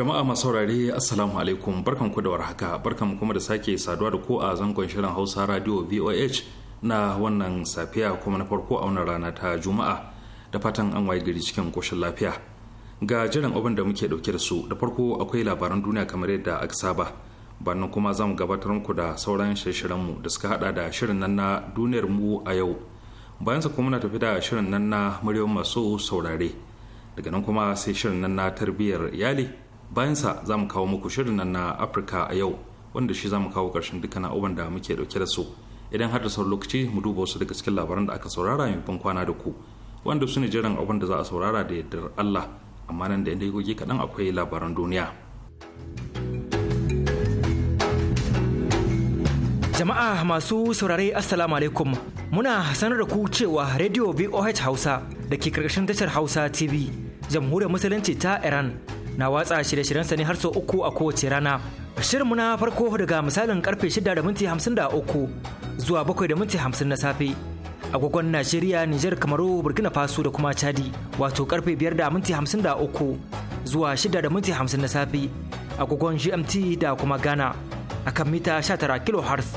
jama'a masu saurare assalamu alaikum barkan ku da warhaka barkan kuma da sake saduwa da ko a zangon shirin hausa radio voh na wannan safiya kuma na farko a wannan rana ta juma'a da fatan an waye gari cikin koshin lafiya ga jiran abin da muke dauke da su da farko akwai labaran duniya kamar yadda aka saba bannan kuma za mu gabatar muku da sauran shirye mu da suka hada da shirin nan na duniyar mu a yau bayan sa kuma na tafi da shirin nan na muryoyin masu saurare daga nan kuma sai shirin nan na tarbiyyar iyali bayansa za mu kawo muku shirin nan na afirka a yau wanda shi za mu kawo ƙarshen dukkan abubuwan da muke ɗauke da su idan har da sauran lokaci mu duba wasu daga cikin labaran da aka saurara mai kwana da ku wanda su ne jiran abin da za a saurara da yardar allah amma nan da daigogi kaɗan akwai labaran duniya jama'a masu saurare assalamu alaikum muna sanar da ku cewa radio voh hausa da ke karkashin tashar hausa tv jamhuriyar musulunci ta iran na watsa shirye-shiryensa ne har sau uku a kowace rana. Shirinmu na farko daga misalin karfe 6:53 zuwa 7:50 na safe. Agogon Najeriya, Nijar, Kamaru, Burkina Faso da kuma Chadi wato karfe 5:53 zuwa 6:50 na safe. Agogon GMT da kuma Ghana akan mita 19 kHz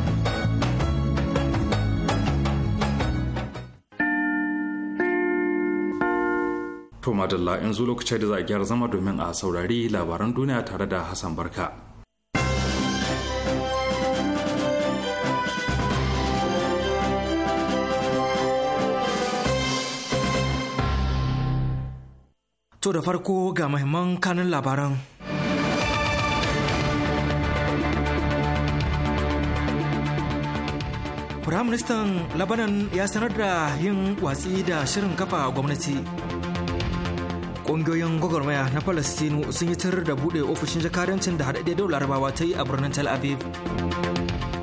To madalla yanzu lokacin da za a gyara zama domin a saurari labaran duniya tare da Hassan Barka. To da farko ga mahimman kanin labaran. Firaministan Labanan ya sanar da yin watsi da shirin kafa gwamnati. Ƙungiyoyin gwagwarmaya na Falastinu sun yi tarar da buɗe ofishin jakarancin da haɗaɗɗiyar daular larabawa ta yi a birnin Tel Aviv.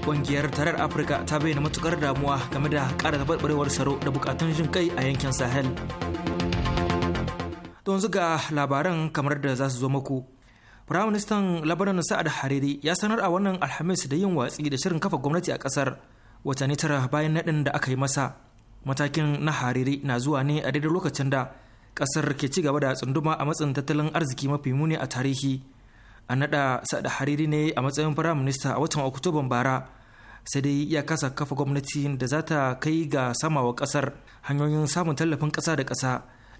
Ƙungiyar tarar Afirka ta bayyana matukar damuwa game da ƙara gabarbarewar tsaro da buƙatun jin kai a yankin Sahel. Don zuga labaran kamar da za su zo maku. Firaministan Labanan Sa'ad Hariri ya sanar a wannan Alhamis da yin watsi da shirin kafa gwamnati a ƙasar watanni tara bayan naɗin da aka yi masa. Matakin na Hariri na zuwa ne a daidai lokacin da kasar ke ci gaba da tsunduma a matsayin tattalin arziki mafi muni a tarihi a nada sada hariri ne a matsayin firayim minista a watan oktoban bara sai dai ya kasa kafa gwamnati da za ta kai ga sama wa kasar hanyoyin samun tallafin kasa da kasa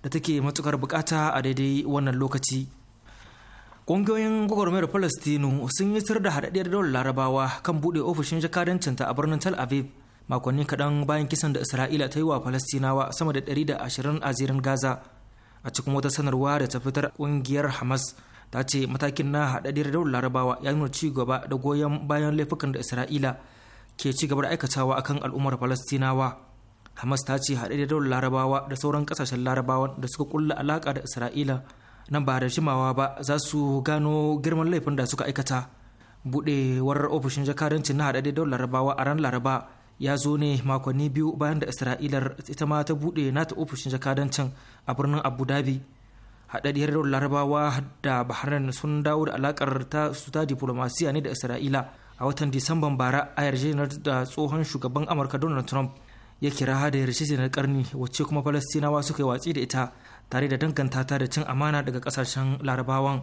da take matukar bukata a daidai wannan lokaci ƙungiyoyin gwagwarmayar palestinu sun yi tir da haɗaɗɗiyar daular larabawa kan buɗe ofishin jakadancinta a birnin tel aviv makonni kaɗan bayan kisan da isra'ila ta yi wa falastinawa sama da 120 a zirin gaza a cikin wata sanarwa da ta fitar kungiyar hamas ta ce matakin na haɗaɗɗiyar daular larabawa ya nuna ci gaba da goyon bayan laifukan da isra'ila ke ci gaba da aikatawa akan al'ummar falastinawa hamas ta ce haɗaɗɗiyar daular larabawa da sauran kasashen larabawan da suka kulla alaka da isra'ila nan ba da jimawa ba za su gano girman laifin da suka aikata buɗewar ofishin jakadancin na haɗaɗɗiyar daular larabawa a ran laraba ya zo ne makonni biyu bayan da isra'ilar ita ma ta buɗe ta ofishin jakadancin a birnin abu dhabi haɗaɗɗiyar larabawa da bahrain sun dawo da alakar ta su ta diplomasiya ne da isra'ila a watan disamban bara a yarjejeniyar da tsohon shugaban amurka donald trump ya kira da yarjejeniyar karni wacce kuma falastinawa suka yi watsi da ita tare da danganta da cin amana daga kasashen larabawan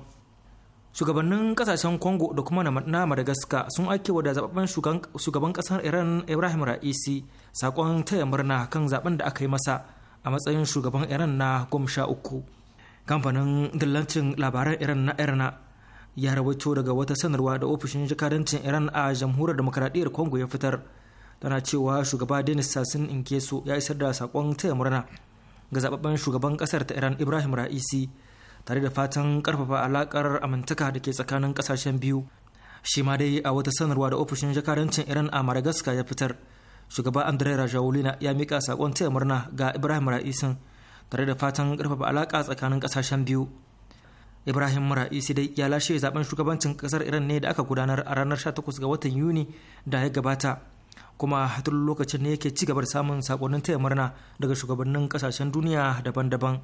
shugabannin kasashen congo da kuma na madagascar sun wa da zababben shugaban kasar iran ibrahim ra'isi sakon taya murna kan zaben da aka yi masa a matsayin shugaban iran na goma uku kamfanin dillancin labaran iran na irna ya rawaito daga wata sanarwa da ofishin jakadancin iran a jamhuriyar demokradiyyar congo ya fitar tana cewa shugaba denis sassin inkeso ya isar da sakon taya murna ga zababben shugaban kasar ta iran ibrahim ra'isi tare da fatan karfafa alakar amintaka da ke tsakanin kasashen biyu shi ma dai a wata sanarwa da ofishin jakarancin iran a madagascar ya fitar shugaba andre rajaulina ya mika sakon taya murna ga ibrahim ra'isin tare da fatan karfafa alaka tsakanin kasashen biyu ibrahim ra'isi dai ya lashe zaben shugabancin kasar iran ne da aka gudanar a ranar 18 ga watan yuni da ya gabata kuma tun lokacin ne yake ci gaba da samun sakonnin taya murna daga shugabannin kasashen duniya daban-daban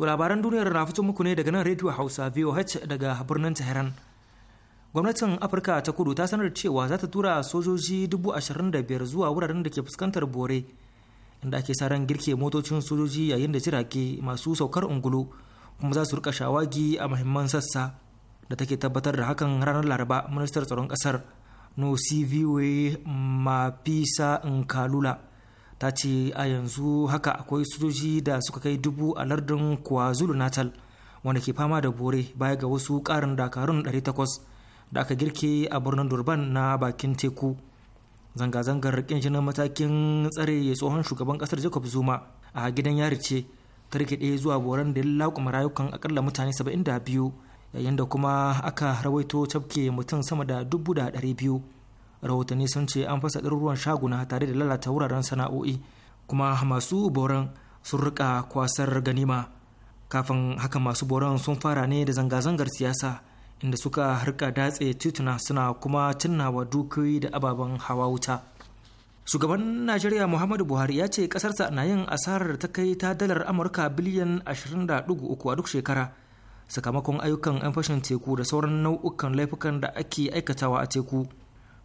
To labaran duniyar na fito muku ne daga nan Radio Hausa VOH daga birnin Tehran. Gwamnatin Afirka ta Kudu ta sanar cewa za ta tura sojoji ashirin da biyar zuwa wuraren da ke fuskantar bore inda ake sa ran girke motocin sojoji yayin da jirage masu saukar ungulu kuma za su rika shawagi a mahimman sassa da take tabbatar da hakan ranar Laraba ministar tsaron kasar Nosiviwe Mapisa Nkalula ta ce a yanzu haka akwai sojoji da suka kai dubu a lardin kwazulu natal wanda ke fama da bore baya ga wasu karin dakarun 800 da aka girke a birnin durban na bakin teku zanga-zangar ƙinjinin matakin tsare ya tsohon shugaban kasar jacob zuma a gidan yari ce ta rikide zuwa boran da ya laƙuma rayukan akalla mutane 72 yayin da kuma aka rawaito cafke mutum sama da 200 rahotanni sun ce an fasa ɗaruruwan shaguna tare da lalata wuraren sana'o'i kuma masu boran sun rika kwasar ganima kafin haka masu boran sun fara ne da zanga-zangar siyasa inda suka rika datse tituna suna kuma cinnawa dukiyoyi da ababen hawa wuta shugaban najeriya muhammadu buhari ya ce kasarsa na yin asarar ta kai ta dalar amurka biliyan 20.3 a duk shekara sakamakon ayyukan 'yan fashin teku da sauran nau'ukan laifukan da ake aikatawa a teku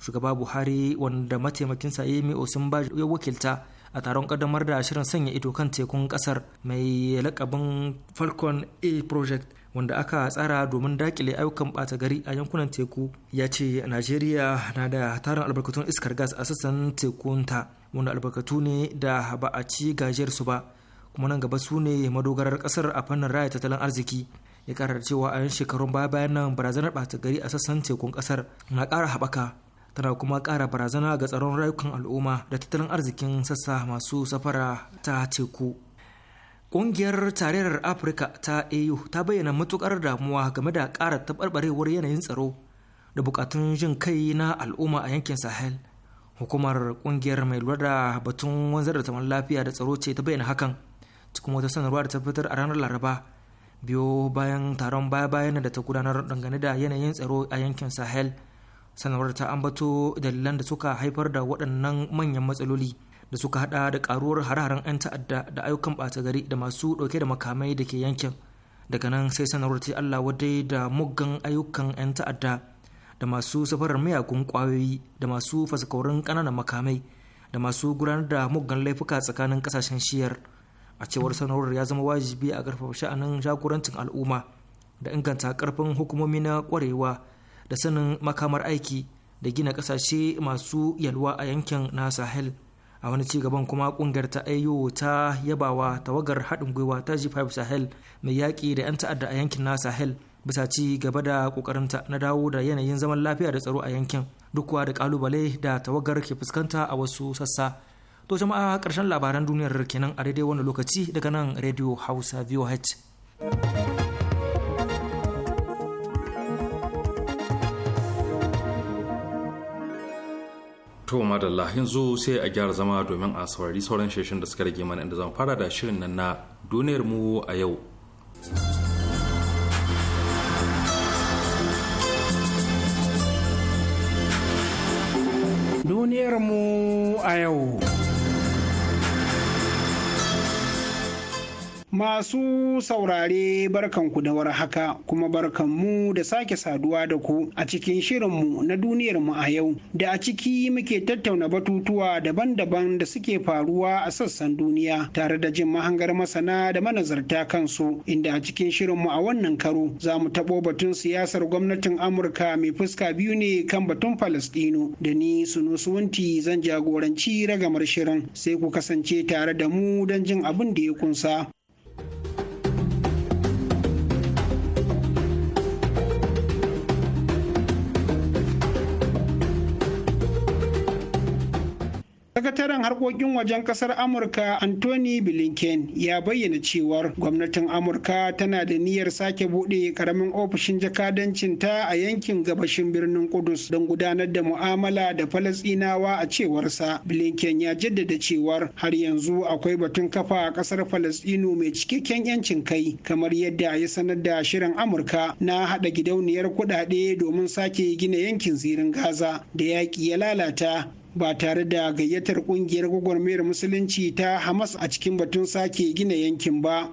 shugaba buhari wanda mataimakin mataimakinsa yemi ba ya wakilta a taron kaddamar da shirin sanya ido kan tekun kasar mai lakabin falcon a project wanda aka tsara domin dakile ayyukan bata gari a yankunan teku ya ce najeriya na da tarin albarkatun iskar gas a sassan tekunta wanda albarkatu ne da ba a ci gajiyar su ba kuma nan gaba su ne madogarar kasar a fannin raya tattalin arziki ya karar cewa a yan shekarun baya bayan nan barazanar bata gari a sassan tekun kasar na kara haɓaka tana kuma ƙara barazana ga tsaron rayukan al'umma da tattalin arzikin sassa masu safara ta teku ƙungiyar tarayyar afirka ta au ta bayyana matukar damuwa game da ƙara taɓarɓarewar yanayin tsaro da bukatun jin kai na al'umma a yankin sahel hukumar ƙungiyar mai lura da batun wanzar da zaman lafiya da tsaro ce ta bayyana hakan cikin wata sanarwa da ta fitar a ranar laraba biyo bayan taron baya-bayan da ta gudanar dangane da yanayin tsaro a yankin sahel sanarwar ta ambato dalilan da suka haifar da waɗannan manyan matsaloli da suka hada da karuwar hare-haren 'yan ta'adda da ayyukan ɓata gari da masu ɗauke da makamai da ke yankin daga nan sai sanarwar ta allah wadai da muggan ayyukan 'yan ta'adda da masu safarar miyagun kwayoyi da masu fasakaurin ƙananan makamai da masu gudanar da muggan laifuka tsakanin ƙasashen shiyar a cewar sanarwar ya zama wajibi a ƙarfafa sha'anin jagorancin al'umma da inganta ƙarfin hukumomi na ƙwarewa da sanin makamar aiki da gina kasashe masu yalwa a yankin na sahel a wani ci gaban kuma kungiyar ta ayo ta yabawa tawagar haɗin gwiwa ta g5 sahel mai yaƙi da 'yan ta'adda a yankin na sahel bisa ci gaba da ƙoƙarinta na dawo da yanayin zaman lafiya da tsaro a yankin duk da kalubale da tawagar ke fuskanta a wasu sassa to jama'a ƙarshen labaran duniyar kenan a daidai wani lokaci daga nan radio hausa voh to madalla yanzu sai a gyara zama domin a saurari sauran sheshin da suka rage mana inda zan fara da shirin nan na duniyar mu a yau duniyar mu a yau Masu saurare barkanku da war haka kuma barkanmu da sake saduwa da ku a cikin shirinmu na duniyarmu a yau da a ciki muke tattauna batutuwa daban-daban da suke faruwa a sassan duniya tare da jin mahangar masana da manazarta kansu inda a cikin shirinmu a wannan karo za mu taɓo batun siyasar gwamnatin Amurka mai fuska biyu ne kan batun Falastino da ni suwanti zan jagoranci ragamar shirin sai ku kasance tare da mu don jin abin da ya kunsa. sakataren harkokin wajen kasar amurka anthony blinken ya bayyana cewar gwamnatin amurka tana da niyyar sake buɗe karamin ofishin jakadancin ta a yankin gabashin birnin kudus don gudanar da mu'amala da falasinawa a cewarsa blinken ya jaddada cewar har yanzu akwai batun kafa a kasar falasinu mai cikakken yancin kai kamar yadda ya sanar da shirin amurka na haɗa gidauniyar kuɗaɗe domin sake gina yankin zirin gaza da yaƙi ya lalata ba tare da gayyatar kungiyar gwagwarmayar musulunci ta hamas a cikin batun sake gina yankin ba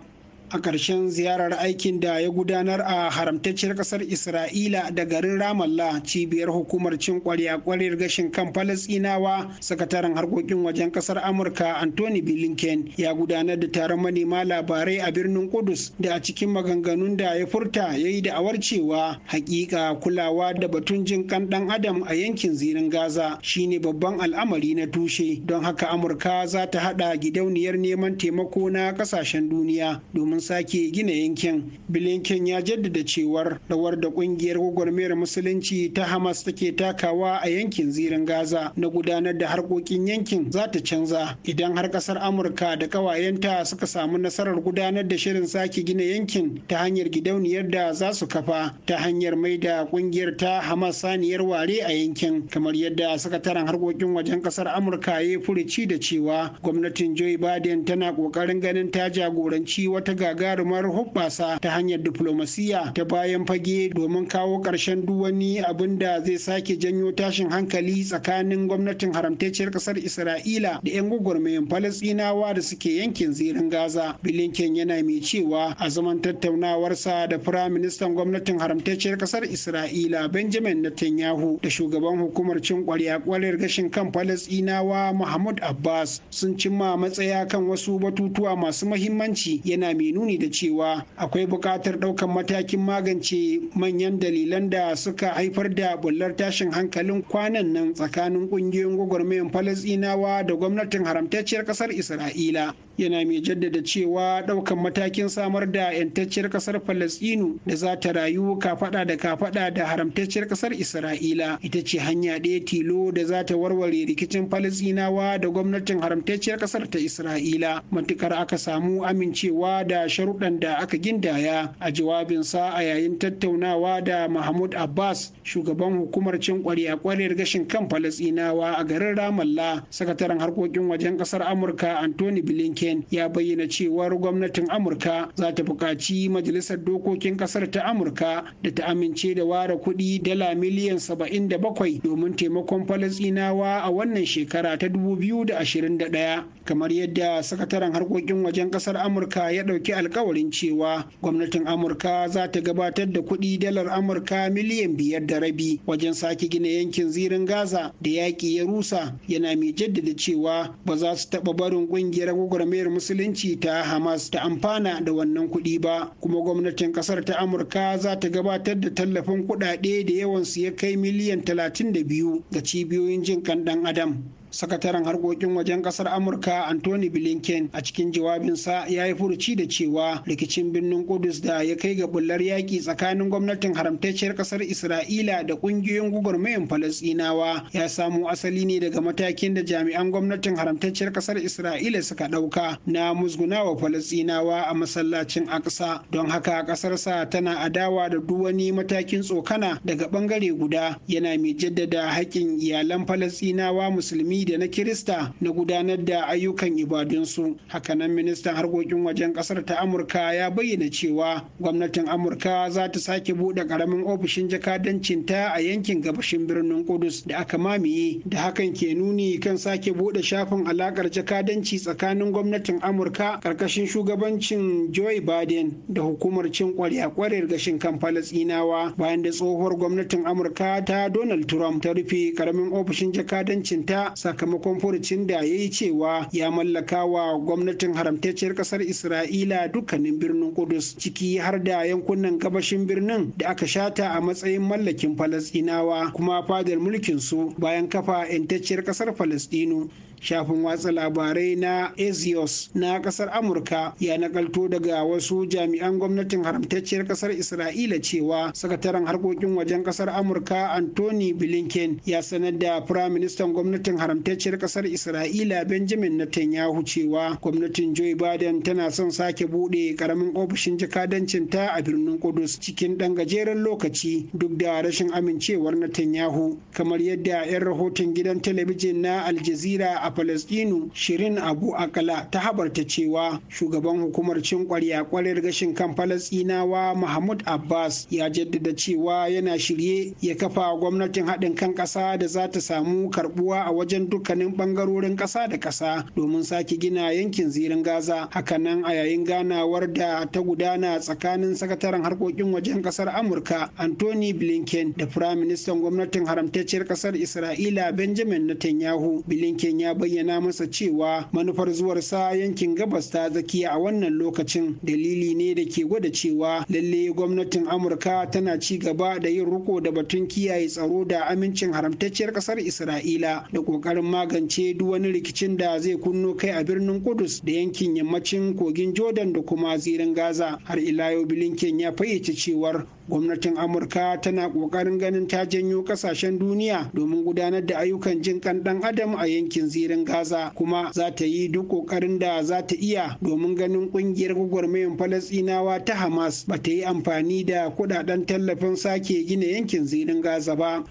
a ƙarshen ziyarar aikin da ya gudanar a haramtacciyar ƙasar isra'ila da garin ramallah cibiyar hukumar cin ƙwarya ƙwarir gashin kan falasinawa sakataren harkokin wajen ƙasar amurka anthony blinken ya gudanar da taron manema labarai a birnin kudus da a cikin maganganun da ya furta ya yi da'awar cewa hakika kulawa da batun jin kan ɗan adam a yankin zirin gaza shine babban al'amari na tushe don haka amurka za ta haɗa gidauniyar neman taimako na ƙasashen duniya domin sake gina yankin bilinken ya jaddada cewar rawar da kungiyar gwagwarmayar musulunci ta hamas take takawa a yankin zirin gaza na gudanar da harkokin yankin za ta canza idan har kasar amurka da kawayenta suka samu nasarar gudanar da shirin sake gina yankin ta hanyar gidauniyar da za su kafa ta hanyar mai da kungiyar ta hamas saniyar ware a yankin kamar yadda sakataren harkokin wajen kasar amurka ya furuci da cewa gwamnatin joe biden tana kokarin ganin ta jagoranci wata ga gagarumar hubbasa ta hanyar diflomasiyya ta bayan fage domin kawo ƙarshen duk wani abin da zai sake janyo tashin hankali tsakanin gwamnatin haramtacciyar ƙasar isra'ila da 'yan gwagwarmayin falasɗinawa da suke yankin zirin gaza bilinken yana mai cewa a zaman tattaunawarsa da firaministan gwamnatin haramtacciyar ƙasar isra'ila benjamin netanyahu da shugaban hukumar cin ƙwarya-ƙwarar gashin kan falasɗinawa mahmud abbas sun cimma matsaya kan wasu batutuwa masu mahimmanci yana mai nuni da cewa akwai buƙatar ɗaukar matakin magance manyan dalilan da suka haifar da bullar tashin hankalin kwanan nan tsakanin ƙungiyoyin gwagwarmayan falasɗinawa da gwamnatin haramtacciyar ƙasar isra'ila yana mai jaddada cewa ɗaukan matakin samar da 'yantacciyar ƙasar falasɗinu da za ta rayu kafaɗa da kafaɗa da haramtacciyar ƙasar isra'ila ita ce hanya ɗaya tilo da za ta warware rikicin falasɗinawa da gwamnatin haramtacciyar ƙasar ta isra'ila matukar aka samu amincewa da da sharuɗan da aka gindaya a jawabinsa a yayin tattaunawa da mahmud abbas shugaban hukumar cin ƙwari a ƙwarar gashin kan falasinawa a garin ramallah sakataren harkokin wajen ƙasar amurka anthony blinken ya bayyana cewar gwamnatin amurka za ta buƙaci majalisar dokokin ƙasar ta amurka da ta amince da ware kuɗi dala miliyan saba'in da bakwai domin taimakon falasinawa a wannan shekara ta dubu biyu da da ashirin ɗaya kamar yadda sakataren harkokin wajen ƙasar amurka ya ɗauki yanke alkawarin cewa gwamnatin amurka za ta gabatar da kuɗi dalar amurka miliyan biyar da rabi wajen sake gina yankin zirin gaza da yaƙi ya rusa yana mai jaddada cewa ba za su taɓa barin ƙungiyar gwagwarmayar musulunci ta hamas ta amfana da wannan kuɗi ba kuma gwamnatin ƙasar ta amurka za ta gabatar da tallafin kuɗaɗe da yawansu ya kai miliyan talatin da biyu ga cibiyoyin jin kan ɗan adam sakataren harkokin wajen kasar amurka anthony blinken a cikin jawabinsa ya yi furuci da cewa rikicin birnin kudus da ya kai ga bullar yaƙi tsakanin gwamnatin haramtacciyar kasar isra'ila da ƙungiyoyin gwagwarmayan Falasinawa, ya samo asali ne daga matakin da jami'an gwamnatin haramtacciyar kasar isra'ila suka ɗauka na musgunawa Falasinawa a masallacin aksa don haka sa tana adawa da duk wani matakin tsokana daga ɓangare guda yana mai jaddada haƙƙin iyalan Falasinawa musulmi da na kirista na gudanar da ayyukan ibadunsu hakanan ministan harkokin wajen kasar ta amurka ya bayyana cewa gwamnatin amurka za ta sake buɗe ƙaramin ofishin jakadancin ta a yankin gabashin birnin kudus da aka mamiye da hakan ke nuni kan sake buɗe shafin alaƙar jakadanci tsakanin gwamnatin amurka ƙarƙashin shugabancin joe biden da hukumar cin a kwarar gashin kan falasinawa bayan da tsohuwar gwamnatin amurka ta donald trump ta rufe ƙaramin ofishin jakadancinta sakamakon furucin da ya yi cewa ya mallaka wa gwamnatin haramtacciyar kasar isra'ila dukkanin birnin kudus ciki har da yankunan gabashin birnin da aka shata a matsayin mallakin Falasdinawa, kuma fadar mulkin su bayan kafa 'yantacciyar kasar falasɗinu shafin watsa labarai na azios na kasar amurka ya nakalto daga wasu jami'an gwamnatin haramtacciyar kasar isra'ila cewa sakataren harkokin wajen kasar amurka anthony blinken ya sanar da firaministan gwamnatin haramtacciyar kasar isra'ila benjamin netanyahu cewa gwamnatin joe biden tana son sake buɗe karamin ofishin jakadancin ta a birnin kudus cikin ɗan gajeren lokaci duk da rashin amincewar netanyahu kamar yadda 'yan rahoton gidan talabijin na al jazeera a Falasɗinu Shirin Abu Akala ta habarta cewa shugaban hukumar cin kwarya kwarar gashin kan Falasɗinawa Mahmud Abbas ya jaddada cewa yana shirye ya kafa gwamnatin haɗin kan ƙasa da za ta samu karɓuwa a wajen dukkanin ɓangarorin ƙasa da ƙasa domin sake gina yankin zirin Gaza. Hakanan a yayin ganawar da ta gudana tsakanin sakataren harkokin wajen ƙasar Amurka Anthony Blinken da Firaministan gwamnatin haramtacciyar ƙasar Isra'ila Benjamin Netanyahu. Blinken ya bayyana masa cewa manufar zuwarsa yankin gabas ta zakiya a wannan lokacin dalili ne da ke gwada cewa lalle gwamnatin amurka tana ci gaba da yin riko da batun kiyaye tsaro da amincin haramtacciyar kasar isra'ila da kokarin magance duk wani rikicin da zai kunno kai a birnin kudus da yankin yammacin kogin jordan da kuma zirin gaza har ila yau bilinken ya fayyace cewar gwamnatin amurka tana kokarin ganin ta janyo kasashen duniya domin gudanar da ayyukan jin kan dan adam a yankin zirin gidan gaza kuma za ta yi duk ƙoƙarin da za ta iya domin ganin ƙungiyar gwagwarmayar falasinawa ta hamas ba ta yi amfani da kuɗaɗen tallafin sake gina yankin zirin gaza ba.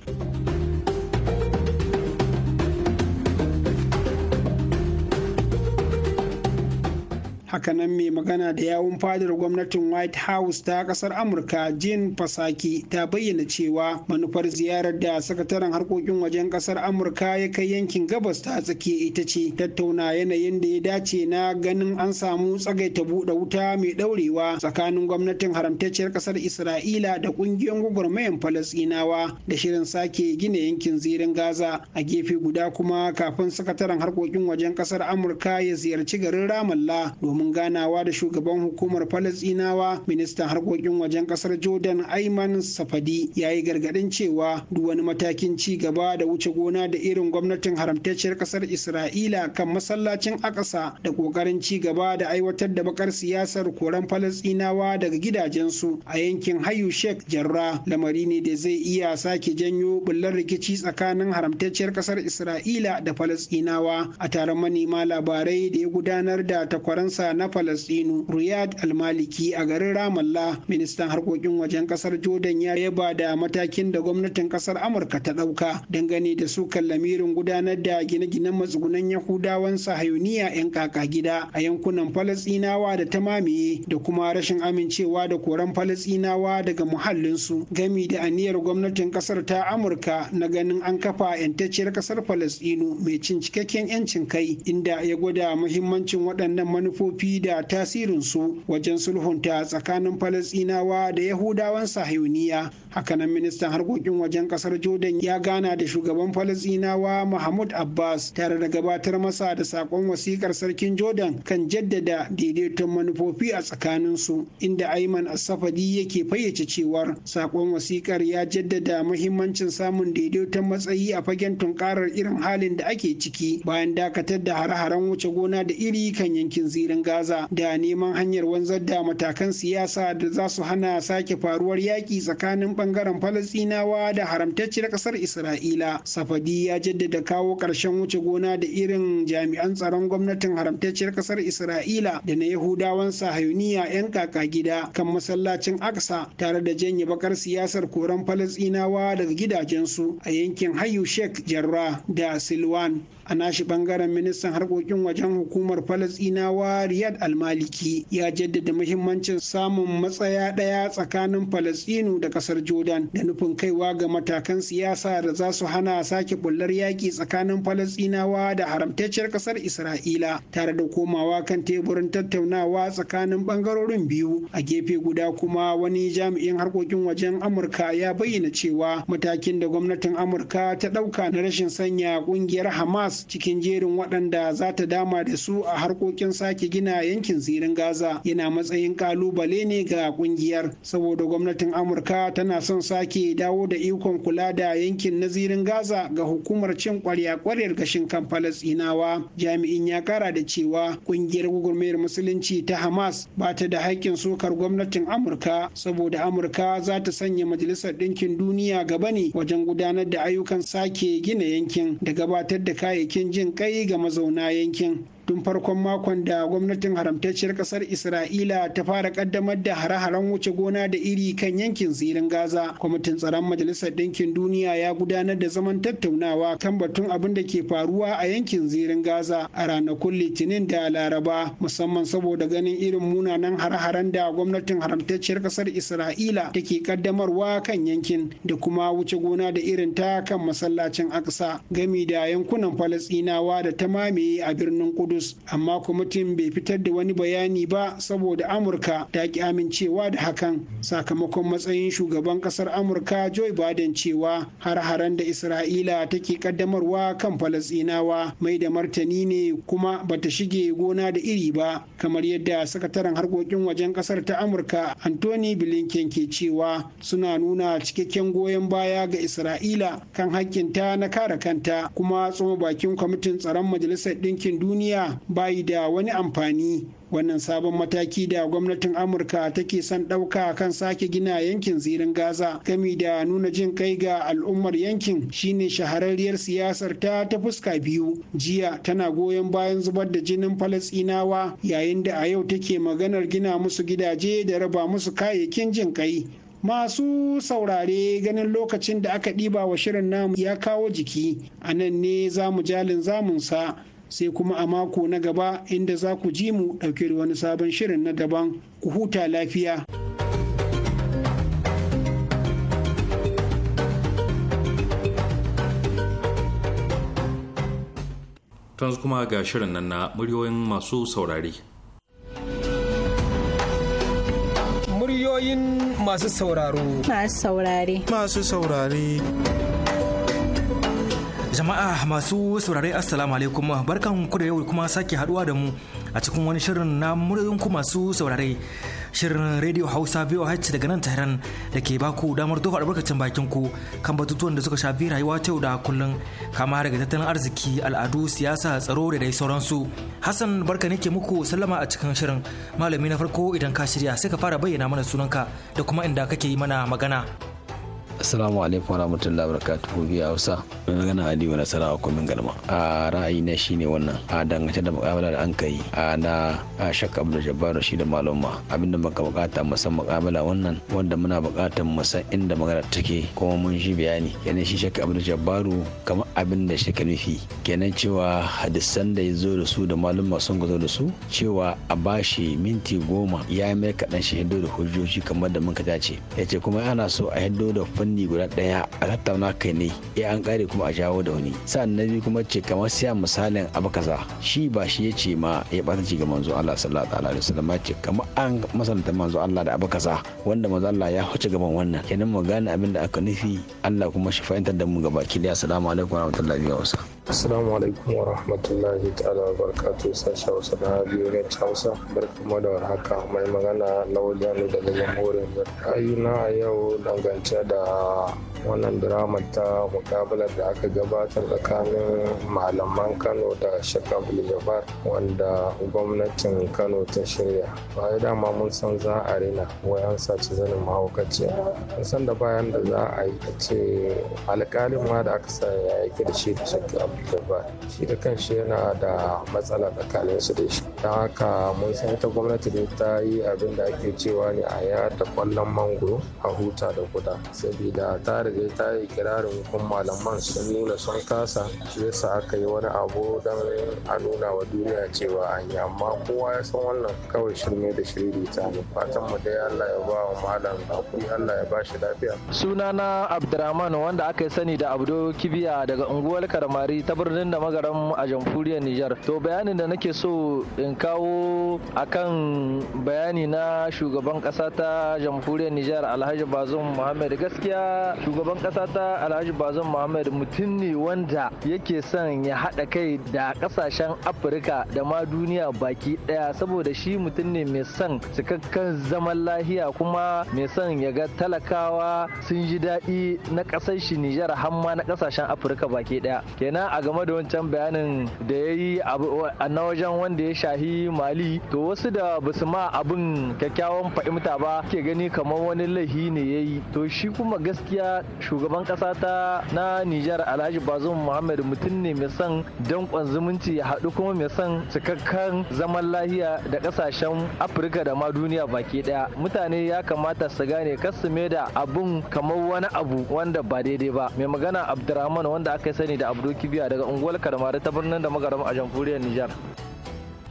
hakanan mai magana da yawun fadar gwamnatin white house ta kasar amurka jin fasaki ta bayyana cewa manufar ziyarar da sakataren harkokin wajen kasar amurka ya kai yankin gabas ta tsakiya ita ce tattauna yanayin da ya dace na ganin an samu tsagaita buɗe wuta mai ɗaurewa tsakanin gwamnatin haramtacciyar kasar isra'ila da ƙungiyoyin gwagwarmayan falasɗinawa da shirin sake gina yankin zirin gaza a gefe guda kuma kafin sakataren harkokin wajen kasar amurka ya ziyarci garin ramallah domin domin ganawa da shugaban hukumar falasinawa ministan harkokin wajen kasar jordan ayman safadi ya yi gargadin cewa duk wani matakin ci gaba da wuce gona da irin gwamnatin haramtacciyar kasar isra'ila kan masallacin akasa da ƙoƙarin ci gaba da aiwatar da bakar siyasar koran falasinawa daga gidajensu a yankin hayu sheikh jarra lamari ne da zai iya sake janyo bullar rikici tsakanin haramtacciyar kasar isra'ila da falasinawa a taron manema labarai da ya gudanar da takwaransa na Falasɗinu Riyad Almaliki a garin Ramallah ministan harkokin wajen kasar Jordan ya yaba da matakin da gwamnatin kasar Amurka ta ɗauka dangane da su lamirin gudanar da gine-ginen matsugunan Yahudawan sahayuniya 'yan kaka gida a yankunan Falasɗinawa da ta mamaye da kuma rashin amincewa da koran Falasɗinawa daga muhallinsu gami da aniyar gwamnatin kasar ta Amurka na ganin an kafa 'yantacciyar kasar Falasɗinu mai cin cikakken 'yancin kai inda ya gwada muhimmancin waɗannan manufofi manufofi da tasirinsu wajen sulhunta tsakanin falasinawa da yahudawan sahiyuniya hakanan ministan harkokin wajen kasar jordan ya gana da shugaban falasinawa mahmud abbas tare da gabatar masa da sakon wasikar sarkin jordan kan jaddada daidaiton manufofi a tsakaninsu inda aiman asafadi yake fayyace cewar sakon wasikar ya jaddada muhimmancin samun daidaiton matsayi a fagen tunkarar irin halin da ake ciki bayan dakatar da hare-haren wuce gona da iri kan yankin zirin Gaza da neman hanyar wanzar da matakan siyasa da za su hana sake faruwar yaƙi tsakanin ɓangaren Falasɗinawa da haramtacciyar ƙasar Isra'ila. Safadi ya jaddada kawo ƙarshen wuce gona da irin jami'an tsaron gwamnatin haramtacciyar ƙasar Isra'ila da na Yahudawan Sahayuniya 'yan kaka gida kan masallacin Aksa tare da janye bakar siyasar koren Falasɗinawa daga gidajensu a yankin Hayu Sheikh Jarrah da Silwan. a nashi bangaren ministan harkokin wajen hukumar falasinawa riyad almaliki ya jaddada muhimmancin samun matsaya ɗaya tsakanin falasinu da ƙasar jordan da nufin kaiwa ga matakan siyasa da za su hana sake bullar yaƙi tsakanin falasinawa da haramtacciyar ƙasar isra'ila tare da komawa kan teburin tattaunawa tsakanin bangarorin biyu a gefe guda kuma wani jami'in harkokin wajen amurka ya bayyana cewa matakin da gwamnatin amurka ta ɗauka na rashin sanya ƙungiyar hamas hamas cikin jerin waɗanda za ta dama da su a harkokin sake gina yankin zirin gaza yana matsayin kalubale ne ga kungiyar saboda gwamnatin amurka tana son sake dawo da ikon kula da yankin na zirin gaza ga hukumar cin kwarya kwaryar gashin kan falasinawa jami'in ya kara da cewa kungiyar gwagwarmayar musulunci ta hamas ba ta da haƙƙin sokar gwamnatin amurka saboda amurka za ta sanya majalisar ɗinkin duniya gaba ne wajen gudanar da ayyukan sake gina yankin da gabatar da kayan kayayyakin jin kai ga mazauna yankin tun farkon makon da gwamnatin haramtacciyar kasar isra'ila ta fara kaddamar da hare-haren wuce gona da iri kan yankin zirin gaza kwamitin tsaron majalisar ɗinkin duniya ya gudanar da zaman tattaunawa kan batun abin da ke faruwa a yankin zirin gaza a ranakun litinin da laraba musamman saboda ganin irin munanan hare-haren da gwamnatin haramtacciyar kasar isra'ila take kaddamarwa kan yankin da kuma wuce gona da irin ta kan masallacin aksa gami da yankunan falasinawa da ta mamaye a birnin kudus belarus amma kwamitin bai fitar da wani bayani ba saboda amurka ta ki amincewa da hakan sakamakon matsayin shugaban kasar amurka joe biden cewa har-haren da isra'ila take kaddamarwa kan falasinawa mai da martani ne kuma bata shige gona da iri ba kamar yadda sakataren harkokin wajen kasar ta amurka anthony blinken ke cewa suna nuna cikakken goyon baya ga isra'ila kan hakkinta na kare kanta kuma tsoma bakin kwamitin tsaron majalisar ɗinkin duniya duniya bayi da wani amfani wannan sabon mataki da gwamnatin amurka take son ɗauka kan sake gina yankin zirin gaza gami da nuna jin kai ga al'ummar yankin shine shahararriyar siyasar ta ta fuska biyu jiya tana goyon bayan zubar da jinin falasinawa yayin da a yau take maganar gina musu gidaje da raba musu kayayyakin jin kai masu saurare ganin lokacin da aka ɗiba wa shirin namu ya kawo jiki a nan ne zamu jalin zamunsa sai kuma a mako na gaba inda za ku ji mu ɗauke da wani sabon shirin na daban ku huta lafiya. yanzu kuma ga shirin nan na muryoyin masu saurari. Muryoyin masu sauraro. Masu saurari. Masu saurari. Jama'a masu saurare Assalamu alaikum barkan ku da yau kuma sake haduwa da mu a cikin wani shirin na muryoyin masu saurare shirin Radio Hausa VOH daga nan Tehran da ke baku damar tofa albarkacin bakin ku kan batutuwan da suka shafi rayuwa ta yau da kullun kama daga tattalin arziki al'adu siyasa tsaro da dai sauransu. Hassan barka nake muku sallama a cikin shirin malami na farko idan ka shirya sai ka fara bayyana mana sunanka da kuma inda kake yi mana magana. Assalamu alaikum warahmatullahi wabarakatuh biya Hausa. Mai magana Aliyu Nasara ko kumin galma. A ra'ayi na shine wannan a dangance da mu'amala da an kai a na shakka Abdul Jabbar shi da malama abinda muka bukata mu san mu'amala wannan wanda muna bukatan mu san inda magana take kuma mun shi bayani kenan shi shakka Abdul Jabbar kamar abin da shi nufi kenan cewa hadisan da ya zo da su da malama sun gazo da su cewa a bashi minti goma ya mai kaɗan shi hiddo da hujjoji kamar da muka dace ya ce kuma ana so a hiddo da fanni guda daya a tattauna kai ne ya eh, an kare kuma a jawo da wani sa'an na biyu kuma ce kamar siya misalin abu kaza shi ba shi ya ce ma ya bata ci ga manzo Allah sallallahu alaihi wasallam ce kamar an masalta manzo Allah da abu kaza wanda manzo Allah ya huce gaban wannan kenan mu gane abin da aka nufi Allah kuma shi fahimtar da mu gaba ki da assalamu alaikum wa rahmatullahi wa assalamu alaikum wa rahmatullahi ta'ala wa barakatuh sashi Hausa da biyu ne Hausa barkamu da warhaka mai magana Lawal Yanu daga Jamhuriyar Ayyuna a yau dangance da wannan drama ta mukabalar da aka gabatar tsakanin malaman kano da shakabul jabar wanda gwamnatin kano ta shirya baya dama mun san za a rina wayan sace zanin mahaukaci mun san da bayan da za a yi ta ce alƙalin ma da aka sa ya yi da da shakabul jabar shi da kanshi yana da matsala tsakanin su da shi don haka mun san ta gwamnati ne ta yi abin da ake cewa ne a yada kwallon mangoro a huta da kuda saboda ta riga ta yi kirarin kun malaman sun nuna sun kasa shi yasa aka yi wani abu don a nuna wa duniya cewa an yi amma kowa ya san wannan kawai shirme da shirme ta ne fatan mu dai Allah ya ba wa malam hakuri Allah ya ba shi lafiya sunana Abdurrahman wanda aka sani da Abdo Kibiya daga unguwar Karamari, ta birnin da mu a jamhuriyar Nijar to bayanin da nake so in kawo akan bayani na shugaban kasa ta jamhuriyar Nijar Alhaji Bazum Muhammad gaskiya shugaban kasa ta Alhaji Bazum Muhammad mutum ne wanda yake son ya haɗa kai da ƙasashen Afirka da ma duniya baki ɗaya saboda shi mutum ne mai son cikakken zaman lahiya kuma mai son ya ga talakawa sun ji daɗi na ƙasar shi Nijar hamma na ƙasashen Afirka baki ɗaya kenan a game da wancan bayanin da ya yi na wajen wanda ya shahi mali to wasu da basu ma abin kyakkyawan fahimta ba ke gani kamar wani laihi ne ya yi to shi kuma gaskiya shugaban ƙasa ta na nijar alhaji bazum muhammad mutum ne mai son danƙon zumunci ya haɗu kuma mai son cikakken zaman lahiya da ƙasashen afirka da ma duniya baki ɗaya mutane ya kamata su gane kar su mai da abun kamar wani abu wanda ba daidai ba mai magana abdurrahman wanda aka sani da abdul kibiya daga unguwar karmari ta birnin da magarama a jamhuriyar nijar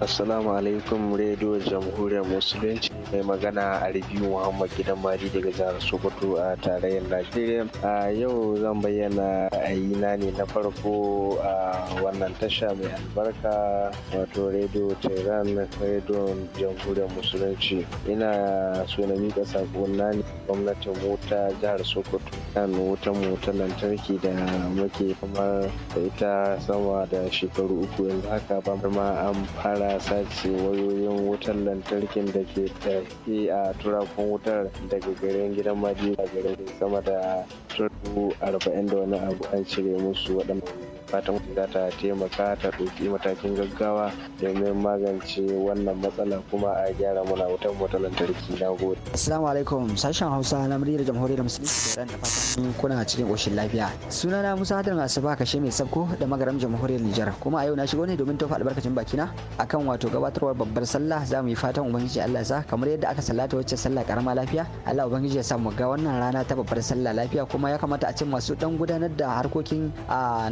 Assalamu alaikum rediyo Jamhuriyar Musulunci mai magana a Rabiu Muhammad Gidan Mari daga jihar Sokoto a tarayyar Najeriya. A yau zan bayyana ayina ne na farko a wannan tasha mai albarka wato Radio Tehran Radio Jamhuriyar Musulunci. Ina so na mika sakonna ne gwamnatin mota jihar Sokoto kan wutan mu ta lantarki da muke kuma da ita sama da shekaru uku yanzu haka ba ma an fara sace wayoyin wutan lantarkin da ke tafi a turakun wutar daga garin gidan maji a garin sama da turu arba'in da wani abu an cire musu waɗanda fatan za ta taimaka ta ɗauki matakin gaggawa domin magance wannan matsala kuma a gyara muna wutan wutar lantarki na gode. Assalamu alaikum sashen Hausa na muryar jamhuriyar musulunci da da fatan kuna cikin ƙoshin lafiya. Sunana Musa Hadar Asuba kashe mai sabko da magaram jamhuriyar Nijar kuma a yau na shigo ne domin tofa albarkacin bakina akan wato gabatarwar babbar sallah za mu yi fatan ubangiji Allah sa kamar yadda aka sallata wacce sallah karama lafiya Allah ubangiji ya sa mu ga wannan rana ta babbar sallah lafiya kuma ya kamata a ce masu dan gudanar da harkokin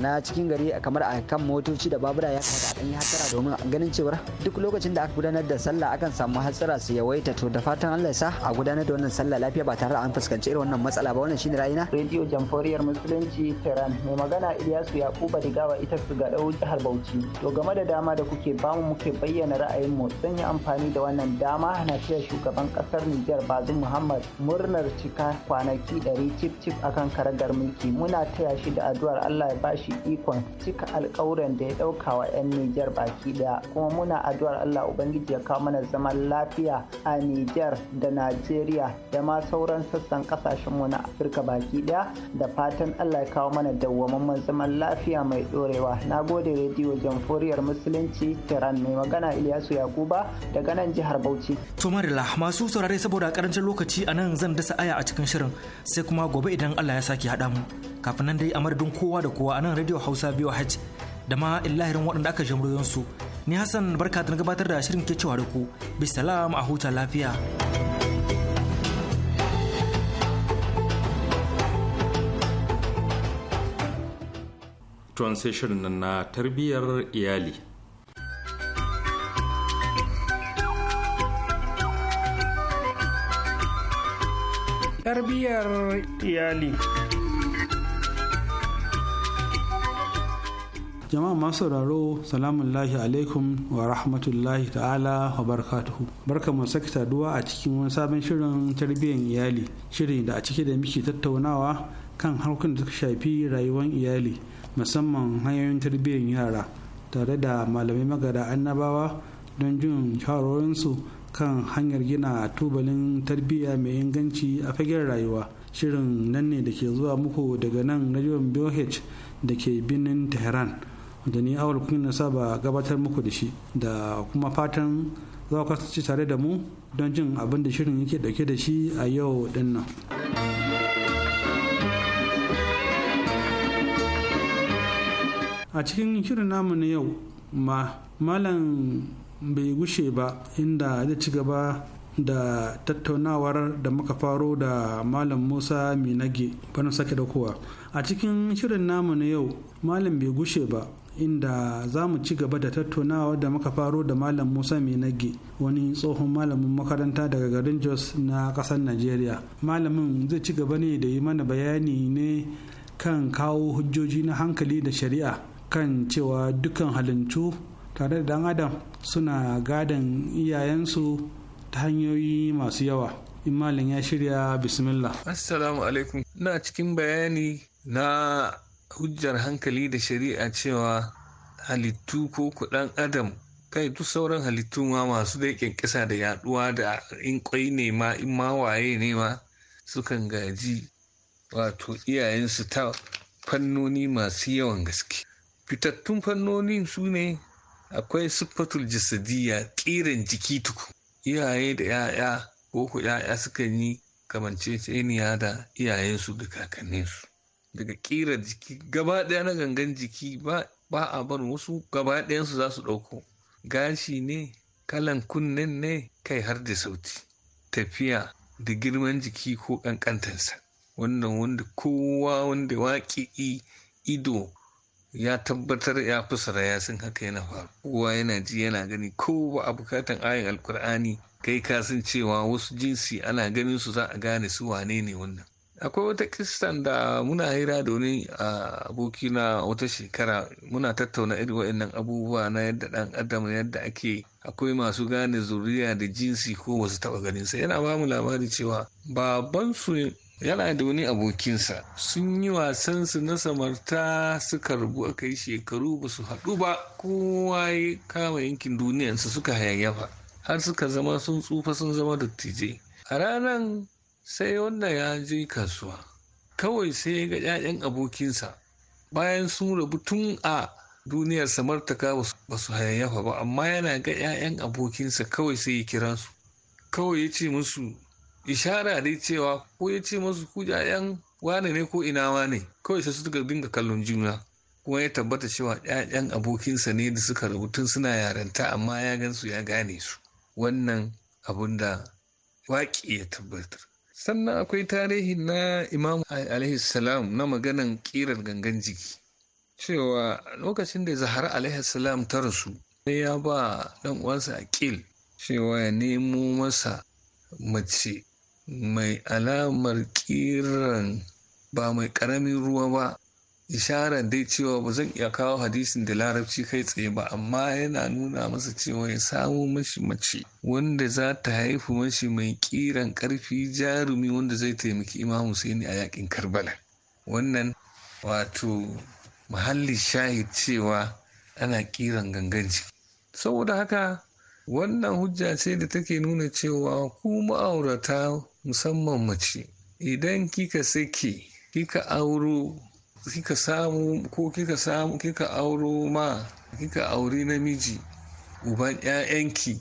na cikin cikin gari kamar a kan motoci da babura ya kamata a yi hatsara domin ganin cewa. duk lokacin da aka gudanar da sallah akan samu hatsara su yawaita to da fatan Allah ya sa a gudanar da wannan sallah lafiya ba tare da an fuskanci irin wannan matsala ba wannan shine ra'ayina radio jamforiyar musulunci Tehran mai magana Ilyasu Yakuba Digawa ita su ga dau jihar Bauchi to game da dama da kuke bamu muke bayyana ra'ayin mu zan yi amfani da wannan dama na cewa shugaban kasar Nijar Bazum Muhammad murnar cika kwanaki 100 cif cif akan karagar mulki muna taya shi da addu'ar Allah ya bashi ikon akan cika alkawuran da ya ɗauka wa 'yan Nijar baki ɗaya kuma muna addu'ar Allah Ubangiji ya kawo mana zaman lafiya a Nijar da Najeriya da ma sauran sassan mu na Afirka baki ɗaya da fatan Allah ya kawo mana dawwamamman zaman lafiya mai ɗorewa. Na gode rediyo jamhuriyar musulunci Tehran mai magana Ilyasu Yakuba daga nan jihar Bauchi. To Marila masu saurare saboda karancin lokaci a nan zan dasa aya a cikin shirin sai kuma gobe idan Allah ya sake haɗa mu. kafin nan dai a madadin kowa da kowa a nan radio hausa biyu hajj da ma illahirin waɗanda aka jamuriyon su ni hassan barka da gabatar da shirin ke cewa da ku bisalam a huta lafiya transition na tarbiyyar iyali tarbiyyar iyali jama'a masu sauraro salamun lahi alaikum wa rahmatullahi ta'ala wa barakatuhu barka mu saki saduwa a cikin wani sabon shirin tarbiyyar iyali shirin da a ciki da miki tattaunawa kan harkokin da suka shafi rayuwar iyali musamman hanyoyin tarbiyyar yara tare da malamai magada annabawa don jin shawarorinsu kan hanyar gina tubalin tarbiyya mai inganci a fagen rayuwa shirin nan ne da ke zuwa muku daga nan na rajon BOH da ke birnin tehran da ni awal kun na saba gabatar muku da shi da kuma fatan za ku kasance tare da mu don jin abin da shirin yake dauke da shi a yau din a cikin shirin namu na yau ma malam bai gushe ba inda zai ci gaba da tattaunawar da muka faro da malam musa minage bana sake da kowa a cikin shirin namu na yau malam bai gushe ba inda za mu ci gaba da tattaunawa da muka faro da malam musa menage wani tsohon malamin makaranta daga garin jos na kasar nigeria malamin zai ci gaba ne da yi mana bayani ne kan kawo hujjoji na hankali da shari'a kan cewa dukkan halittu tare da dan adam suna gadon iyayensu ta hanyoyi masu yawa in malam ya shirya bismillah assalamu alaikum na cikin bayani na hujjar hankali da shari'a cewa halittu ko kuɗan adam kai duk sauran halittu ma masu dai kyankyasa da yaɗuwa da in kwai ne ma in ma waye ne ma sukan gaji wato iyayensu ta fannoni masu yawan gaske fitattun fannonin su ne akwai siffatul jasadiyya ƙiran jiki tuku iyaye da 'ya'ya ko ku 'ya'ya sukan yi kamanceceniya da iyayensu da kakanninsu daga ƙirar jiki gaba ɗaya na gangan jiki ba a bar wasu gaba ɗayansu za su ɗauko gashi ne kalan kunnen ne kai har da sauti tafiya da girman jiki ko ƙanƙantarsa wannan wanda kowa wanda waƙi ido ya tabbatar ya fi saraya sun haka yana faru kowa yana ji yana gani ko ba a bukatan ayin alkur'ani kai kasan cewa wasu jinsi ana ganin su za a gane su wane ne wannan akwai wata kistan da muna hira da a aboki na wata shekara muna tattauna irin wa'annan abubuwa na yadda dan adam yadda ake akwai masu gane zuriya da jinsi ko wasu taba ganin sa yana ba mu labari cewa baban su yana da wani abokinsa sun yi wasan su na samarta suka rabu a kai shekaru ba su haɗu ba kowa ya kama yankin duniyansa suka hayayyafa har suka zama sun tsufa sun zama dattijai a ranar sai wannan ya je kasuwa kawai sai ya ga 'ya'yan abokinsa bayan sun rabu tun a duniyar samartaka ba su hayayyafa ba amma yana ga 'ya'yan abokinsa kawai sai ya kira su kawai ya ce musu ishara dai cewa ko ya ce musu ku 'ya'yan wane ne ko ina wane kawai sai ga dinga kallon juna kuma ya tabbata cewa 'ya'yan abokinsa ne da suka rabu tun suna yaranta amma ya gansu ya gane su wannan abun da waƙi ya tabbatar sannan akwai tarihi na imam alaihi salam na maganan kirar gangan jiki cewa lokacin da zahara alaihi ta rasu sai ya ba dan uwansa ƙil. cewa ya nemo masa mace mai alamar kiran ba mai karamin ruwa ba isharar dai cewa ba zan iya kawo hadisin da larabci kai tsaye ba amma yana nuna masa cewa ya samo mashi mace wanda za ta haifu mashi mai kiran karfi jarumi wanda zai taimaki imam Hussaini a yakin karbala wannan wato mahalli shahid cewa ana kiran ganganci saboda haka wannan hujja ce da take nuna cewa ku ma'aurata musamman mace idan kika sake kika auro kika samu ko kika samu kika auro ma kika auri namiji uban 'ya'yanki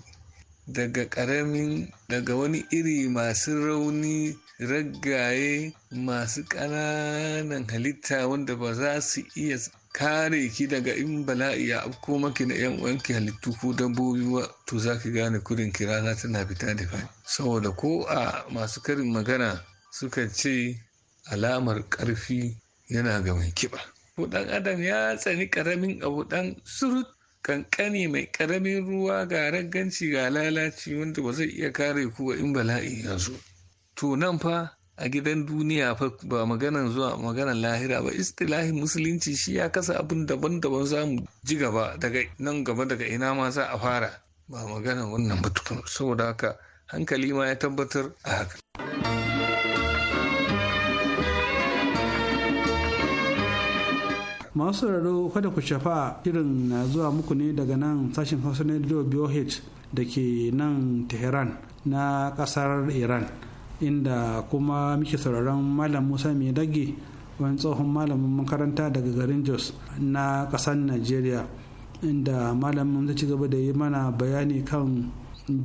daga ƙaramin daga wani iri masu rauni raggaye masu ƙananan halitta wanda ba za su iya kare ki daga in bala'i ya afko maki na yan uwanki halittu ko dabbobi ba to za ki gane kudin ki rana tana fita da fani saboda ko a masu karin magana suka ce alamar ƙarfi yana ga mai kiba dan adam ya tsani karamin abu ɗan surut kankani mai ƙaramin ruwa ga ragganci ga lalaci wanda ba zai iya kare ku ba in bala'i ya zo to nan fa a gidan duniya fa ba maganan zuwa maganan lahira ba istilahin musulunci shi ya kasa abin daban-daban za mu ji gaba daga nan gaba daga ina ma za a fara ba maganan wannan ba saboda haka hankali ma ya tabbatar a haka. masu raro kada ku shafa irin na zuwa muku ne daga nan sashen hausa na radio BOH da ke nan Tehran na kasar Iran inda kuma muke sauraron Malam Musa mai dage wani tsohon malamin makaranta daga garin Jos na kasar nigeria inda malamin zai ci gaba da yi mana bayani kan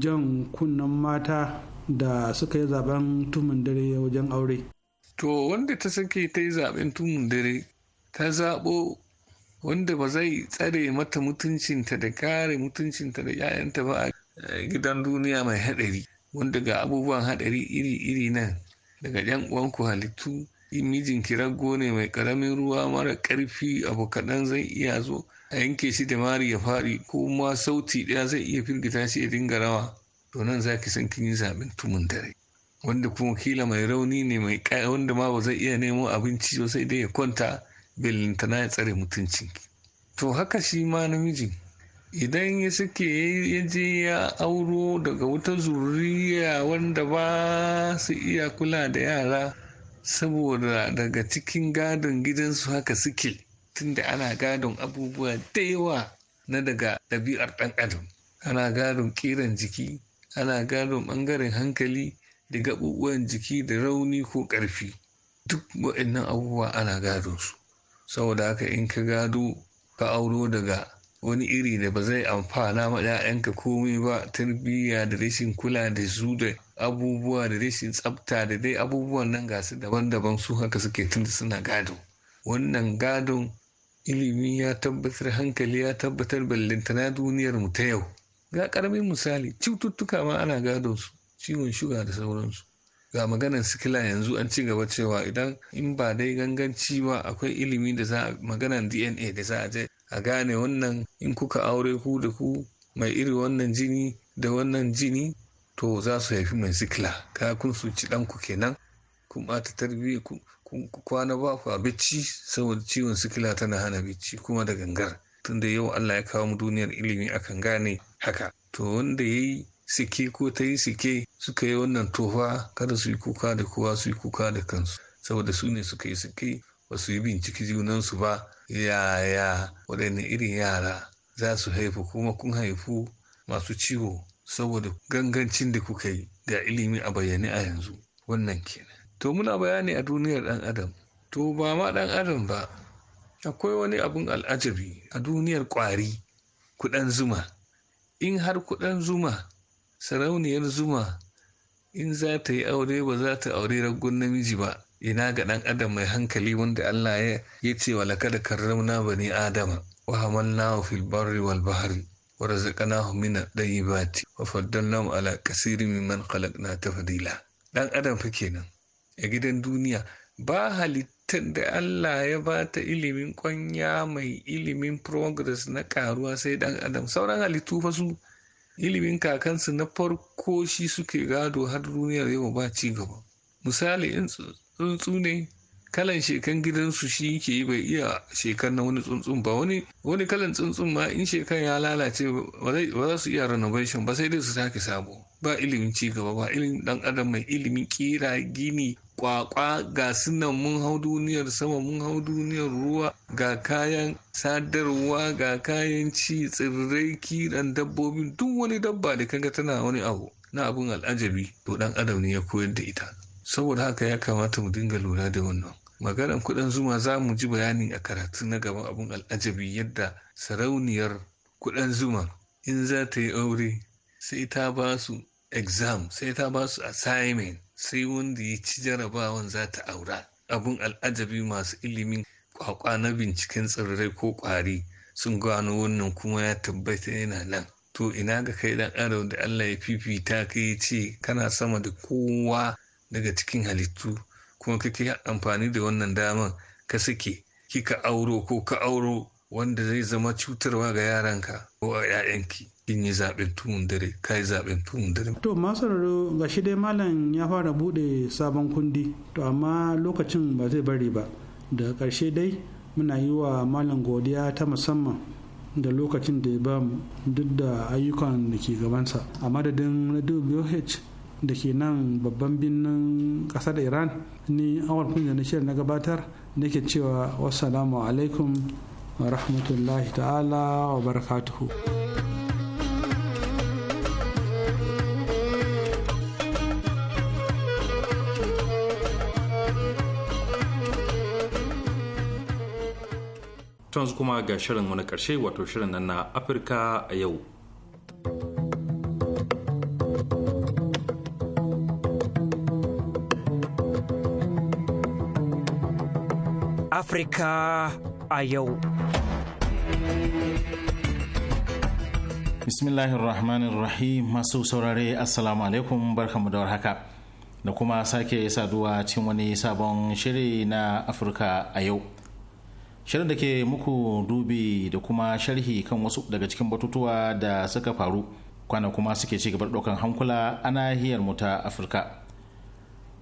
jan kunnen mata da suka yi zaben tumin dare wajen aure. To wanda ta sake ta yi zaben tumin dare ta zaɓo wanda ba zai tsare mata mutuncinta da kare mutuncinta da 'ya'yanta ba a gidan duniya mai haɗari wanda ga abubuwan haɗari iri-iri nan daga 'yan uwanku halittu mijin kirago ne mai ƙaramin ruwa mara ƙarfi abu kaɗan zai iya zo a yanke shi da mari ya faɗi ko ma sauti ɗaya zai iya firgita shi ya dinga rawa to nan za ki san kin yi zaɓen tumun dare wanda kuma kila mai rauni ne mai wanda ma ba zai iya nemo abinci ba sai dai ya kwanta na ya tsare mutuncinki to haka shi ma namiji idan ya suke ya je ya auro daga wata zuriya wanda ba su iya kula da yara saboda daga cikin gadon gidansu haka suke tunda ana gadon abubuwa da yawa na daga ɗabi'ar ɗan adam ana gadon ƙiran jiki ana gadon ɓangaren hankali da gaɓuɓuwan jiki da rauni ko ƙarfi duk waɗannan abubuwa ana gadon su saboda haka in ka gado ka auro daga wani iri da ba zai amfana ma 'ya'yanka komai ba tarbiyya da rashin kula da su da abubuwa da rashin tsafta da dai abubuwan nan ga su daban-daban su haka suke tunda suna gado wannan gadon ilimi ya tabbatar hankali ya tabbatar ballantana duniyar mu ta yau ga karamin misali cututtuka ma ana gadon su ciwon shuga da sauransu ga maganar sikila yanzu an ci gaba cewa idan in ba dai ganganci ba akwai ilimi da za maganar dna da za a je a gane wannan in kuka aure ku da ku mai iri wannan jini da wannan jini to za su haifi mai sikila ka kun su ci ɗanku kenan kun ɓata tarbiyya kun kwana ba ku a bicci saboda ciwon sikila tana hana bicci kuma da gangar tunda yau Allah ya kawo mu duniyar ilimi akan gane haka to wanda ya yi sike ko ta yi sike suka yi wannan tofa kada su yi kuka da kowa su yi kuka da kansu saboda su ne suka yi sike ba su yi binciki junansu ba yaya waɗanne irin yara za su haifu kuma kun haifu masu ciwo saboda gangancin da kuka yi ga ilimi a bayyane a yanzu wannan kenan to muna bayani a duniyar ɗan adam to ba ma ɗan adam ba akwai wani abin al'ajabi a duniyar ƙwari kuɗan zuma in har kuɗan zuma Sarauniyar Zuma in za ta yi aure ba za ta aure raggon namiji ba, ina ga ɗan adam mai hankali wanda Allah ya ce wa lakada karramna bani Adama wa hamalnahu fil barri wal bahri wa razaqnahu min at-tayyibati wa faddalnahu ala kaseerin mimman khalaqna tafdila. Ɗan adam fa kenan a gidan duniya ba halittar da Allah ya ba ta ilimin kwanya mai ilimin progress na karuwa sai ɗan adam sauran halittu fa su ilimin kakansu na farko shi suke gado har duniyar yau ba ci gaba misali in tsuntsu ne kalan shekan gidansu shi ke yi bai iya shekan na wani tsuntsun ba wani kalan tsuntsun ma in shekan ya lalace ba za su iya renovation ba sai dai su sake sabo ba ilimin ci gaba ba ilimin dan adam mai ilimin kira gini kwakwa ga sunan mun hau duniyar sama mun hau duniyar ruwa ga kayan sadarwa ga kayan ci tsirrai kiran dabbobin duk wani dabba da kanga tana wani abu na abun al'ajabi to dan adam ne ya koyar da ita saboda haka ya kamata mu dinga lura da wannan maganar kuɗin zuma za mu ji bayani a karatu na gaban abin al'ajabi yadda sarauniyar kudin zuma in za ta yi aure sai ta ba su exam sai ta ba su assignment sai wanda ya ci jarabawan za ta aura abin al'ajabi masu ilimin kwakwa na binciken tsirrai ko kwari sun gano wannan kuma ya tabbata yana nan to ina ga kai dan adam da Allah ya fifita ka ya ce kana sama da kowa daga cikin halittu kuma kake amfani da wannan daman ka sake kika auro ko ka auro wanda zai zama cutarwa ga yaranka ko a 'ya'yanki in yi zaɓen tumun dare ka yi zaɓen tumun dare. to masu raro ga shi dai malam ya fara buɗe sabon kundi to amma lokacin ba zai bari ba da ƙarshe dai muna yi wa malam godiya ta musamman da lokacin da ya bamu duk da ayyukan da ke gabansa a madadin na da ke nan babban birnin kasar iran ni awar kunya na shirin na gabatar nake cewa wassalamu alaikum wa rahmatullahi ta'ala wa barakatuhu yanzu kuma ga shirin wani karshe wato shirin nan na afirka a yau Afirka a yau. Bismillahirrahmanirrahim masu saurare Assalamu alaikum barkamu da warhaka da kuma sake saduwa cikin wani sabon shiri na Afirka a yau. Shirin da ke muku dubi da kuma sharhi kan wasu daga cikin batutuwa da suka faru kwana kuma suke ci gaba ɗaukan hankula a nahiyar mu ta Afirka.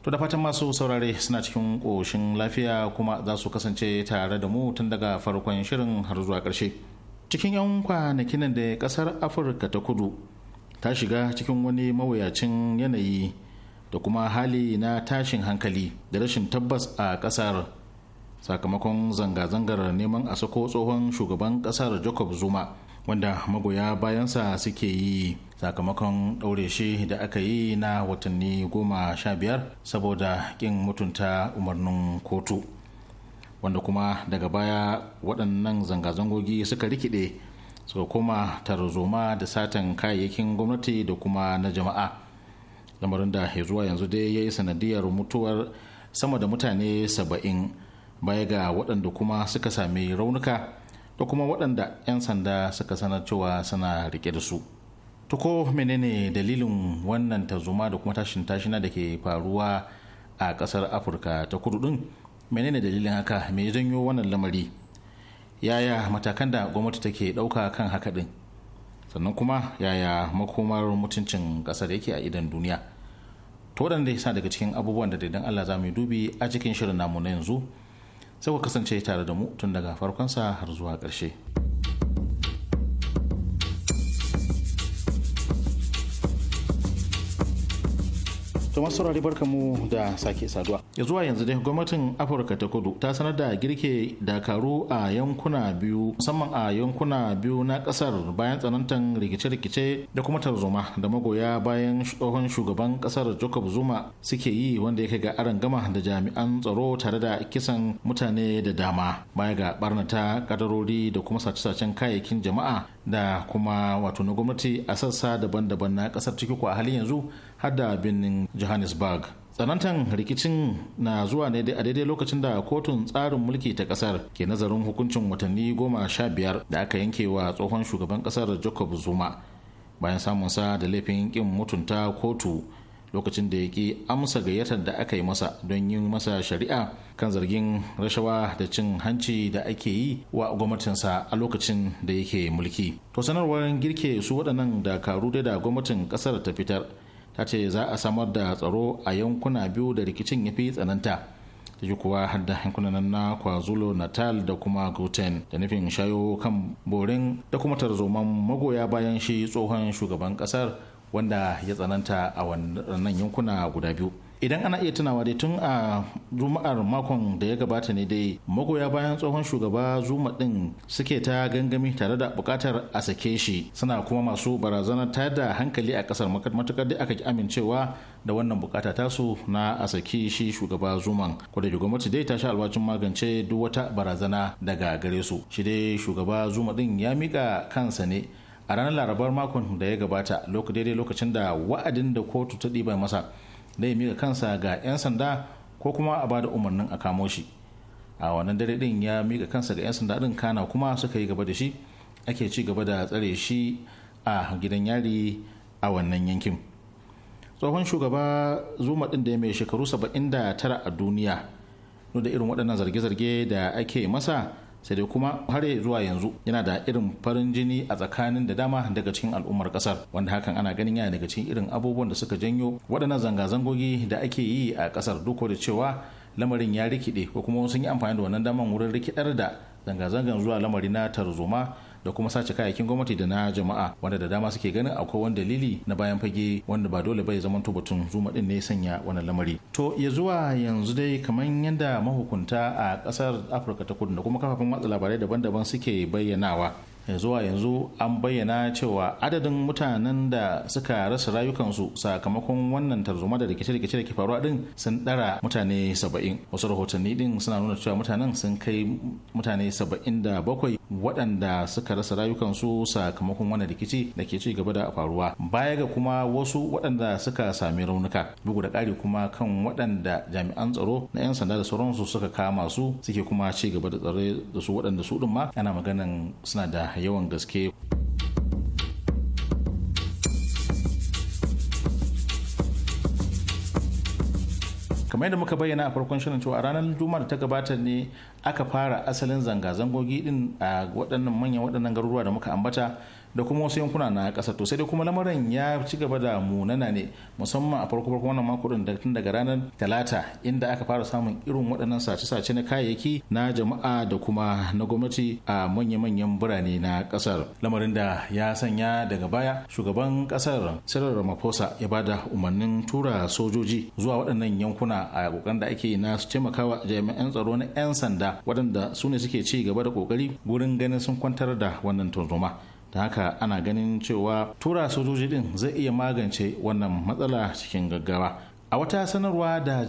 To da fatan masu saurare suna cikin ƙoshin lafiya kuma za su kasance tare da mu tun daga farkon shirin har zuwa ƙarshe. Cikin 'yan kwanakin da ƙasar Afirka ta kudu ta shiga cikin wani mawuyacin yanayi da kuma hali na tashin hankali da rashin tabbas a ƙasar sakamakon zanga-zangar neman a sako tsohon shugaban ƙasar Jacob Zuma. wanda magoya bayansa suke yi sakamakon ɗaure shi da aka yi na watanni goma sha biyar saboda ƙin mutunta umarnin kotu wanda kuma daga baya waɗannan zanga-zangogi suka rikide suka koma tarzoma da satan kayayyakin gwamnati da kuma na jama'a lamarin da ya zuwa yanzu dai ya yi sanadiyar mutuwar sama da mutane saba'in baya ga waɗanda kuma suka sami raunuka da kuma waɗanda 'yan sanda suka sanar cewa suna rike da su to ko menene dalilin wannan tarzoma da kuma tashin tashina da ke faruwa a ƙasar afirka ta kudu ɗin menene dalilin haka me janyo wannan lamari yaya matakan da gwamnati take ɗauka kan haka ɗin sannan kuma yaya makomar mutuncin ƙasar yake a idan duniya to waɗanda sa daga cikin abubuwan da daidan allah za mu dubi a cikin shirin namu na yanzu sai ku kasance tare da mu tun daga farkonsa har zuwa ƙarshe. da masu saurari barka mu da sake saduwa. Ya zuwa yanzu dai gwamnatin Afirka ta Kudu ta sanar da girke dakaru a yankuna biyu musamman a yankuna biyu na kasar bayan tsanantan rikice-rikice da kuma tarzoma da magoya bayan tsohon shugaban kasar Jacob Zuma suke yi wanda yake ga aron gama da jami'an tsaro tare da kisan mutane da dama baya ga barnata kadarori da kuma sace-sacen kayayyakin jama'a da kuma wato na gwamnati a sassa daban-daban na kasar ciki ko a halin yanzu har da birnin johannesburg tsanantan rikicin na zuwa ne a daidai lokacin da kotun tsarin mulki ta kasar ke nazarin hukuncin watanni goma sha biyar da aka yanke wa tsohon shugaban kasar jacob zuma bayan samunsa da laifin kin mutunta kotu lokacin da ya ki amsa gayyatar da aka yi masa don yin masa shari'a kan zargin rashawa da cin hanci da ake yi wa gwamnatinsa a lokacin da yake mulki to sanarwar girke su waɗannan dakaru da gwamnatin ƙasar ta fitar ta ce za a samar da tsaro a yankuna biyu da rikicin ya fi tsananta ta ji kuwa yankunan na kwazulu natal da kuma guten da nufin shayo kan borin da kuma tarzoman magoya bayan shi tsohon shugaban kasar wanda ya tsananta a wannan yankuna guda biyu idan ana iya tunawa dai tun a juma'ar makon da ya gabata ne dai magoya bayan tsohon shugaba zuma din suke ta gangami tare da bukatar a sake shi suna kuma masu barazana tayar da hankali a kasar matukar da aka ki amincewa da wannan bukata tasu na a sake shi shugaba zuman ko da gwamnati dai ta sha albacin magance duk wata barazana daga gare su shi dai shugaba zuma din ya mika kansa ne a ranar larabar makon da ya gabata daidai lokacin da wa'adin da kotu ta ɗiba masa da ya mika kansa ga 'yan sanda ko kuma a bada umarnin a kamo shi a wannan dare din ya mika kansa ga 'yan sanda din kana kuma suka yi gaba da shi ake ci gaba da tsare shi a gidan yari a wannan yankin tsohon shugaba zuma din da ya mai shekaru 79 a duniya da irin waɗannan zarge-zarge da ake masa sai dai kuma har zuwa yanzu yana da irin farin jini a tsakanin da dama daga cikin al'ummar kasar wanda hakan ana ganin yana daga cikin irin abubuwan da suka janyo waɗannan zanga-zangogi da ake yi a kasar duk da cewa lamarin ya rikide ko kuma sun yi amfani da wannan daman wurin rikidar da zanga-zangan zuwa lamari na tarzoma da kuma sace kayayyakin gwamnati da na jama'a wanda da dama suke ganin akwai wani dalili na bayan fage wanda ba dole bai zama to batun zuma din ne ya sanya wani lamari to ya zuwa yanzu dai kamar yadda mahukunta a kasar afirka ta kudu da kuma kafafen watsa labarai daban-daban suke bayyanawa zuwa yanzu an bayyana cewa adadin mutanen da suka rasa rayukansu sakamakon wannan tarzoma da rikice-rikice da ke faruwa din sun dara mutane saba'in wasu rahotanni din suna nuna cewa mutanen sun kai mutane saba'in da bakwai waɗanda suka rasa rayukansu sakamakon wannan rikici da ke ci gaba da faruwa baya ga kuma wasu waɗanda suka sami raunuka bugu da ƙari kuma kan waɗanda jami'an tsaro na 'yan sanda da sauransu suka kama su suke kuma ci gaba da tsare da su waɗanda su ɗin ma ana maganan suna da yawan gaske kamar yadda muka bayyana a farkon shirin cewa a ranar juma'a ta gabata ne aka fara asalin zanga-zangogi din a waɗannan manyan waɗannan garuruwa da muka ambata da kuma wasu yankuna na ƙasa to sai dai kuma lamarin ya ci gaba da munana ne musamman a farko farko wannan mako din tun daga ranar talata inda aka fara samun irin waɗannan sace-sace na kayayyaki na jama'a da kuma na gwamnati a manya-manyan birane na ƙasar lamarin da ya sanya daga baya shugaban ƙasar Cyril Ramaphosa ya bada umarnin tura sojoji zuwa waɗannan yankuna a kokarin da ake na su taimakawa jami'an tsaro na 'yan sanda waɗanda su ne suke ci gaba da kokari gurin ganin sun kwantar da wannan tunzuma da haka ana ganin cewa tura sojoji din zai iya magance wannan matsala cikin gaggawa a wata sanarwa da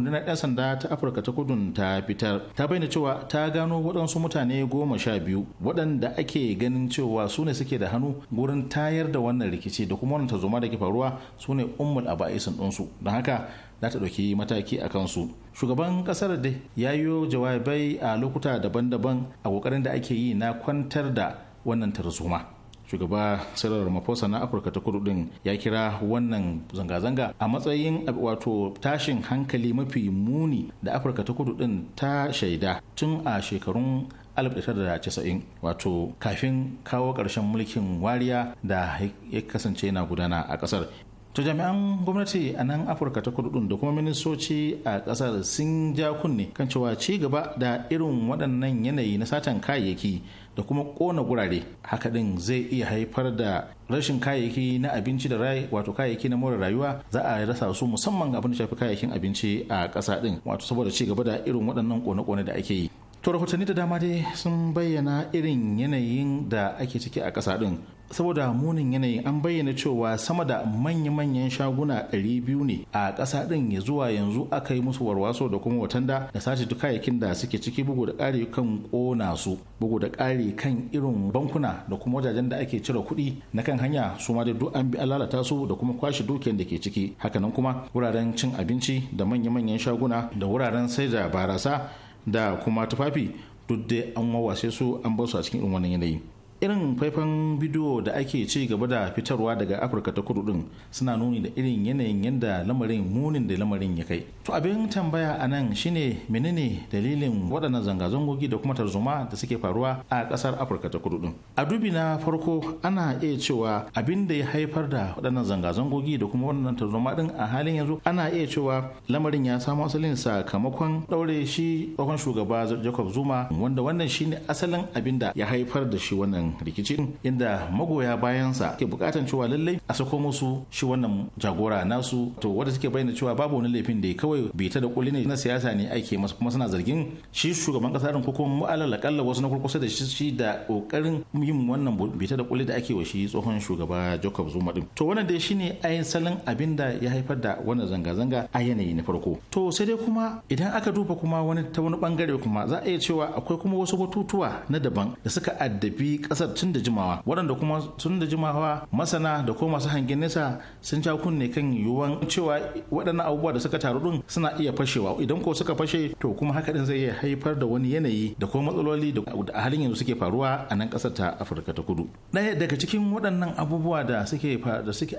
na 'yan sanda ta afirka ta kudun ta fitar ta bayyana cewa ta gano waɗansu mutane goma sha biyu waɗanda ake ganin cewa su ne suke da hannu gurin tayar da wannan rikici da kuma wannan tarzoma da ke faruwa su ne ummul aba'isin ɗinsu don haka za ta ɗauki mataki a kansu shugaban ƙasar da ya yi jawabai a lokuta daban-daban a ƙoƙarin da ake yi na kwantar da wannan tarzoma shugaba sarar mafosa na afirka ta kudu din ya kira wannan zanga-zanga a matsayin wato tashin hankali mafi muni da afirka ta kudu din ta shaida tun a shekarun 1990 wato kafin kawo ƙarshen mulkin wariya da ya kasance yana gudana a ƙasar Ta jami'an gwamnati a nan Afirka ta kudu da kuma ministoci a kasar sun ja kunne kan cewa ci gaba da irin waɗannan yanayi na satan kayayyaki da kuma kona gurare haka din zai iya haifar da rashin kayayyaki na abinci da rai wato kayayyaki na more rayuwa za a rasa su musamman abin da shafi kayayyakin abinci a ƙasa din wato saboda ci gaba da irin waɗannan kone-kone da ake yi to rahotanni da dama dai sun bayyana irin yanayin da ake ciki a ƙasa din saboda munin yanayi an bayyana cewa sama da manya-manyan shaguna 200 ne a ƙasa ɗin ya zuwa yanzu aka yi musu warwaso da kuma watanda da sace duk kayayyakin da suke ciki bugu da ƙari kan ƙona su bugu da ƙari kan irin bankuna da kuma wajajen da ake cire kuɗi na kan hanya su ma da duk an bi alalata lalata su da kuma kwashe dukiyar da ke ciki hakanan kuma wuraren cin abinci da manya-manyan shaguna da wuraren sai da barasa da kuma tufafi duk dai an wawashe su an bar su a cikin irin wannan yanayi irin faifan bidiyo da ake ci gaba da fitarwa daga afirka ta kudu din suna nuni da irin yanayin yadda lamarin munin da lamarin ya kai to abin tambaya a nan shine menene dalilin waɗannan zanga-zangogi da kuma tarzoma da suke faruwa a ƙasar afirka ta kudu din a dubi na farko ana iya cewa abin da ya haifar da waɗannan zanga-zangogi da kuma waɗannan tarzoma din a halin yanzu ana iya cewa lamarin ya samo asalin sakamakon ɗaure shi tsohon shugaba jacob zuma wanda wannan shine asalin abin da ya haifar da shi wannan rikici rikicin inda magoya bayansa ke bukatan cewa lallai a sako musu shi wannan jagora nasu to wanda suke bayyana cewa babu wani laifin da kawai bai ta da kulli ne na siyasa ne ake masa kuma suna zargin shi shugaban kasa ko kuma mu'alala akalla wasu na kurkusa da shi da kokarin yin wannan bai ta da kulli da ake wa shi tsohon shugaba Jacob Zuma din to wannan dai shine ayin salon abin da ya haifar da wannan zanga-zanga a yanayi na farko to sai dai kuma idan aka duba kuma wani ta wani bangare kuma za a iya cewa akwai kuma wasu batutuwa na daban da suka addabi kasar tun da jimawa waɗanda kuma tun da jimawa masana da kuma masu hangen nesa sun ja kunne kan yiwuwan cewa waɗannan abubuwa da suka taru ɗin suna iya fashewa idan ko suka fashe to kuma haka ɗin zai iya haifar da wani yanayi da ko matsaloli da a halin yanzu suke faruwa a nan kasar ta Afirka ta Kudu ɗaya daga cikin waɗannan abubuwa da suke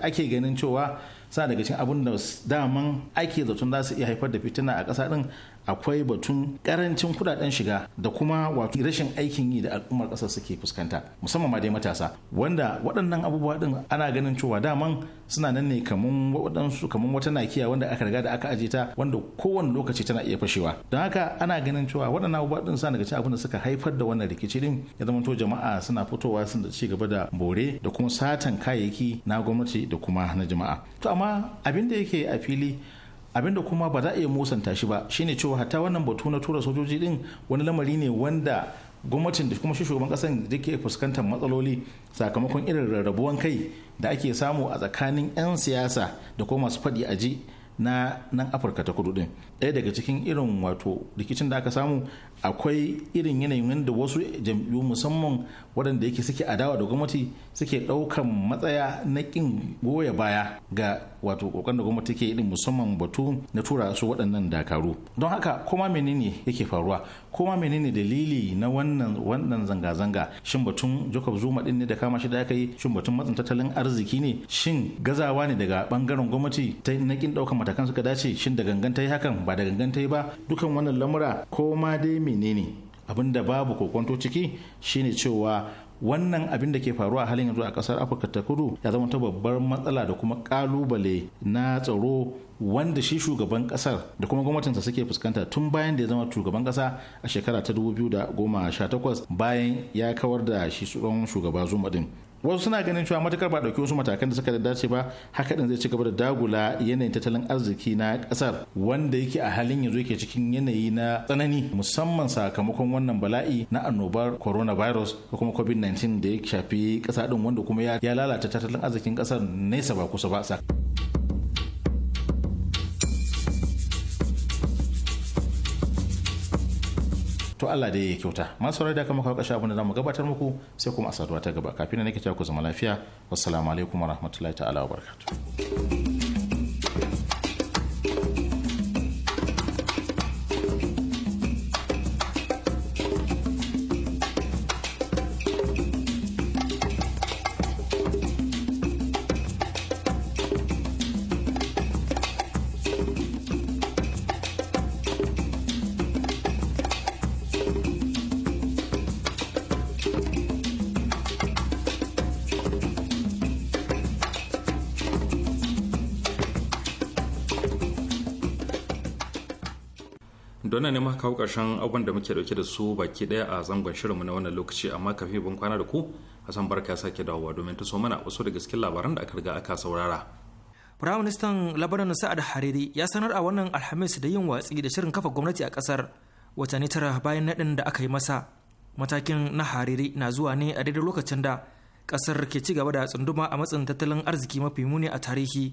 ake ganin cewa sa daga cikin abin da daman ake zaton za su iya haifar da fitina a ƙasa din akwai batun karancin kudaden shiga da kuma wato rashin aikin yi da al'ummar ƙasar suke fuskanta musamman ma dai matasa wanda waɗannan abubuwa din ana ganin cewa daman suna nan ne kaman waɗansu kaman wata nakiya wanda aka riga da aka aje ta wanda kowane lokaci tana iya fashewa don haka ana ganin cewa waɗannan abubuwa din sa daga cikin abin da suka haifar da wannan rikici din ya zama jama'a suna fitowa sun ci gaba da bore da kuma satan kayayyaki na gwamnati da kuma na jama'a to amma amma abin da yake a fili abinda kuma ba za a iya musanta shi ba shine cewa hatta wannan batu na tura sojoji din wani lamari ne wanda gwamnatin da kuma shugaban kasan da ke fuskantar matsaloli sakamakon irin rarrabuwan kai da ake samu a tsakanin 'yan siyasa da kuma masu faɗi a ji na nan afirka ta kudu din ɗaya daga cikin irin wato rikicin da aka samu akwai irin yanayin wanda wasu jam'iyyu musamman waɗanda yake suke adawa da gwamnati suke ɗaukan matsaya na ƙin goya baya ga wato ƙoƙarin da gwamnati ke irin musamman batu na tura su waɗannan dakaru don haka koma menene yake faruwa koma menene dalili na wannan wannan zanga-zanga shin batun jacob zuma ɗin ne da kama shi da aka yi shin batun matsin tattalin arziki ne shin gazawa ne daga bangaren gwamnati ta na ƙin ɗaukan matakan suka dace shin da gangan ta yi hakan ba da gangan ta yi ba dukan wannan lamura koma dai me menene abin da babu kokonto ciki shine cewa wannan abin da ke faruwa halin yanzu a kasar afirka ta kudu ya zama ta babbar matsala da kuma kalubale na tsaro wanda shi shugaban kasar da kuma gwamnatinsa suke fuskanta tun bayan da ya zama shugaban kasa a shekara ta 2018 bayan ya kawar da shi tsohon shugaba zuma din wasu suna ganin cewa matakar ba dauki wasu matakan da suka da dace ba haka din zai ci gaba da dagula yanayin tattalin arziki na kasar wanda yake a halin yanzu yake cikin yanayi na tsanani musamman sakamakon wannan bala'i na annobar coronavirus ko kuma covid-19 da ya shafi kasa din wanda kuma ya lalata tattalin arzikin kasar nesa ba kusa ba to Allah dai ya kyauta masu rai da kama kawo kashe abinda za zamu gabatar muku sai kuma a saduwa ta gaba kafin na nake ku zama lafiya wassalamu alaikum warahmatullahi ta'ala wabarakatuh kawo ƙarshen abin da muke dauke da su baki daya a zangon shirinmu na wannan lokaci amma kafin bin kwana da ku Hassan Barka ya sake dawowa domin ta so mana wasu da gaske labaran da aka riga aka saurara. Firaministan Labaran Sa'ad Hariri ya sanar a wannan Alhamis da yin watsi da shirin kafa gwamnati a kasar watanni tara bayan naɗin da aka yi masa. Matakin na Hariri na zuwa ne a daidai lokacin da kasar ke ci gaba da tsunduma a matsayin tattalin arziki mafi muni a tarihi.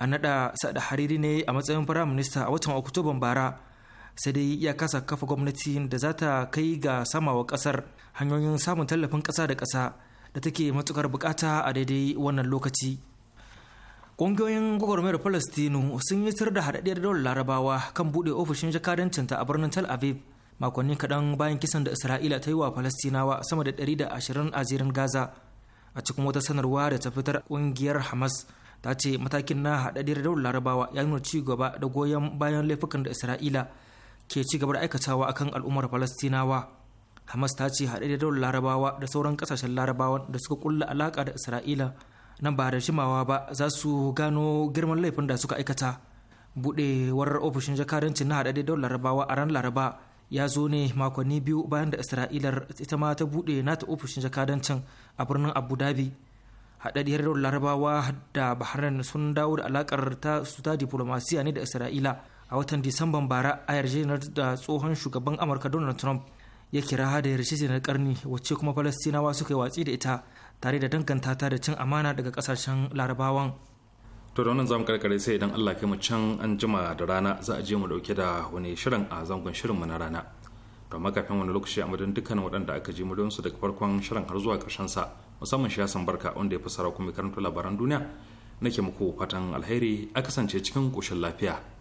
A naɗa Sa'ad Hariri ne a matsayin Firaminista a watan Oktoban bara sai dai ya kasa kafa gwamnati da za ta kai ga samawa kasar hanyoyin samun tallafin kasa da kasa da take matukar bukata a daidai wannan lokaci ƙungiyoyin gwagwarmayar palestinu sun yi tar da haɗaɗɗiyar daular larabawa kan buɗe ofishin jakadancinta a birnin tel aviv makonni kaɗan bayan kisan da isra'ila ta yi wa palestinawa sama da 120 a zirin gaza a cikin wata sanarwa da ta fitar ƙungiyar hamas ta ce matakin na haɗaɗɗiyar daular larabawa ya nuna ci gaba da goyon bayan laifukan da isra'ila ke ci gaba da aikatawa akan al'ummar falastinawa hamas ta ce haɗe da daular larabawa da sauran ƙasashen larabawan da suka kulla alaƙa da isra'ila nan ba da jimawa ba za su gano girman laifin da suka aikata buɗewar ofishin jakadancin na haɗe da daular larabawa a ran laraba ya zo ne makonni biyu bayan da isra'ilar ita ma ta buɗe nata ofishin jakadancin a birnin abu dhabi haɗaɗɗiyar larabawa da bahrain sun dawo da alakar ta su ta diplomasiya ne da isra'ila a watan disamban bara a yarjejeniyar da tsohon shugaban amurka donald trump ya kira da yarjejeniyar karni wacce kuma falastinawa suka yi watsi da ita tare da danganta ta da cin amana daga kasashen larabawan to da wannan zamu karkare sai idan Allah kai mu can an jima da rana za a je mu dauke da wani shirin a zangon shirin mu na rana to amma kafin wani lokaci a madadin dukkanin waɗanda aka ji muryar su daga farkon shirin har zuwa ƙarshen sa musamman shi yasan Barka wanda ya fassara kuma karanta labaran duniya nake muku fatan alheri a kasance cikin koshin lafiya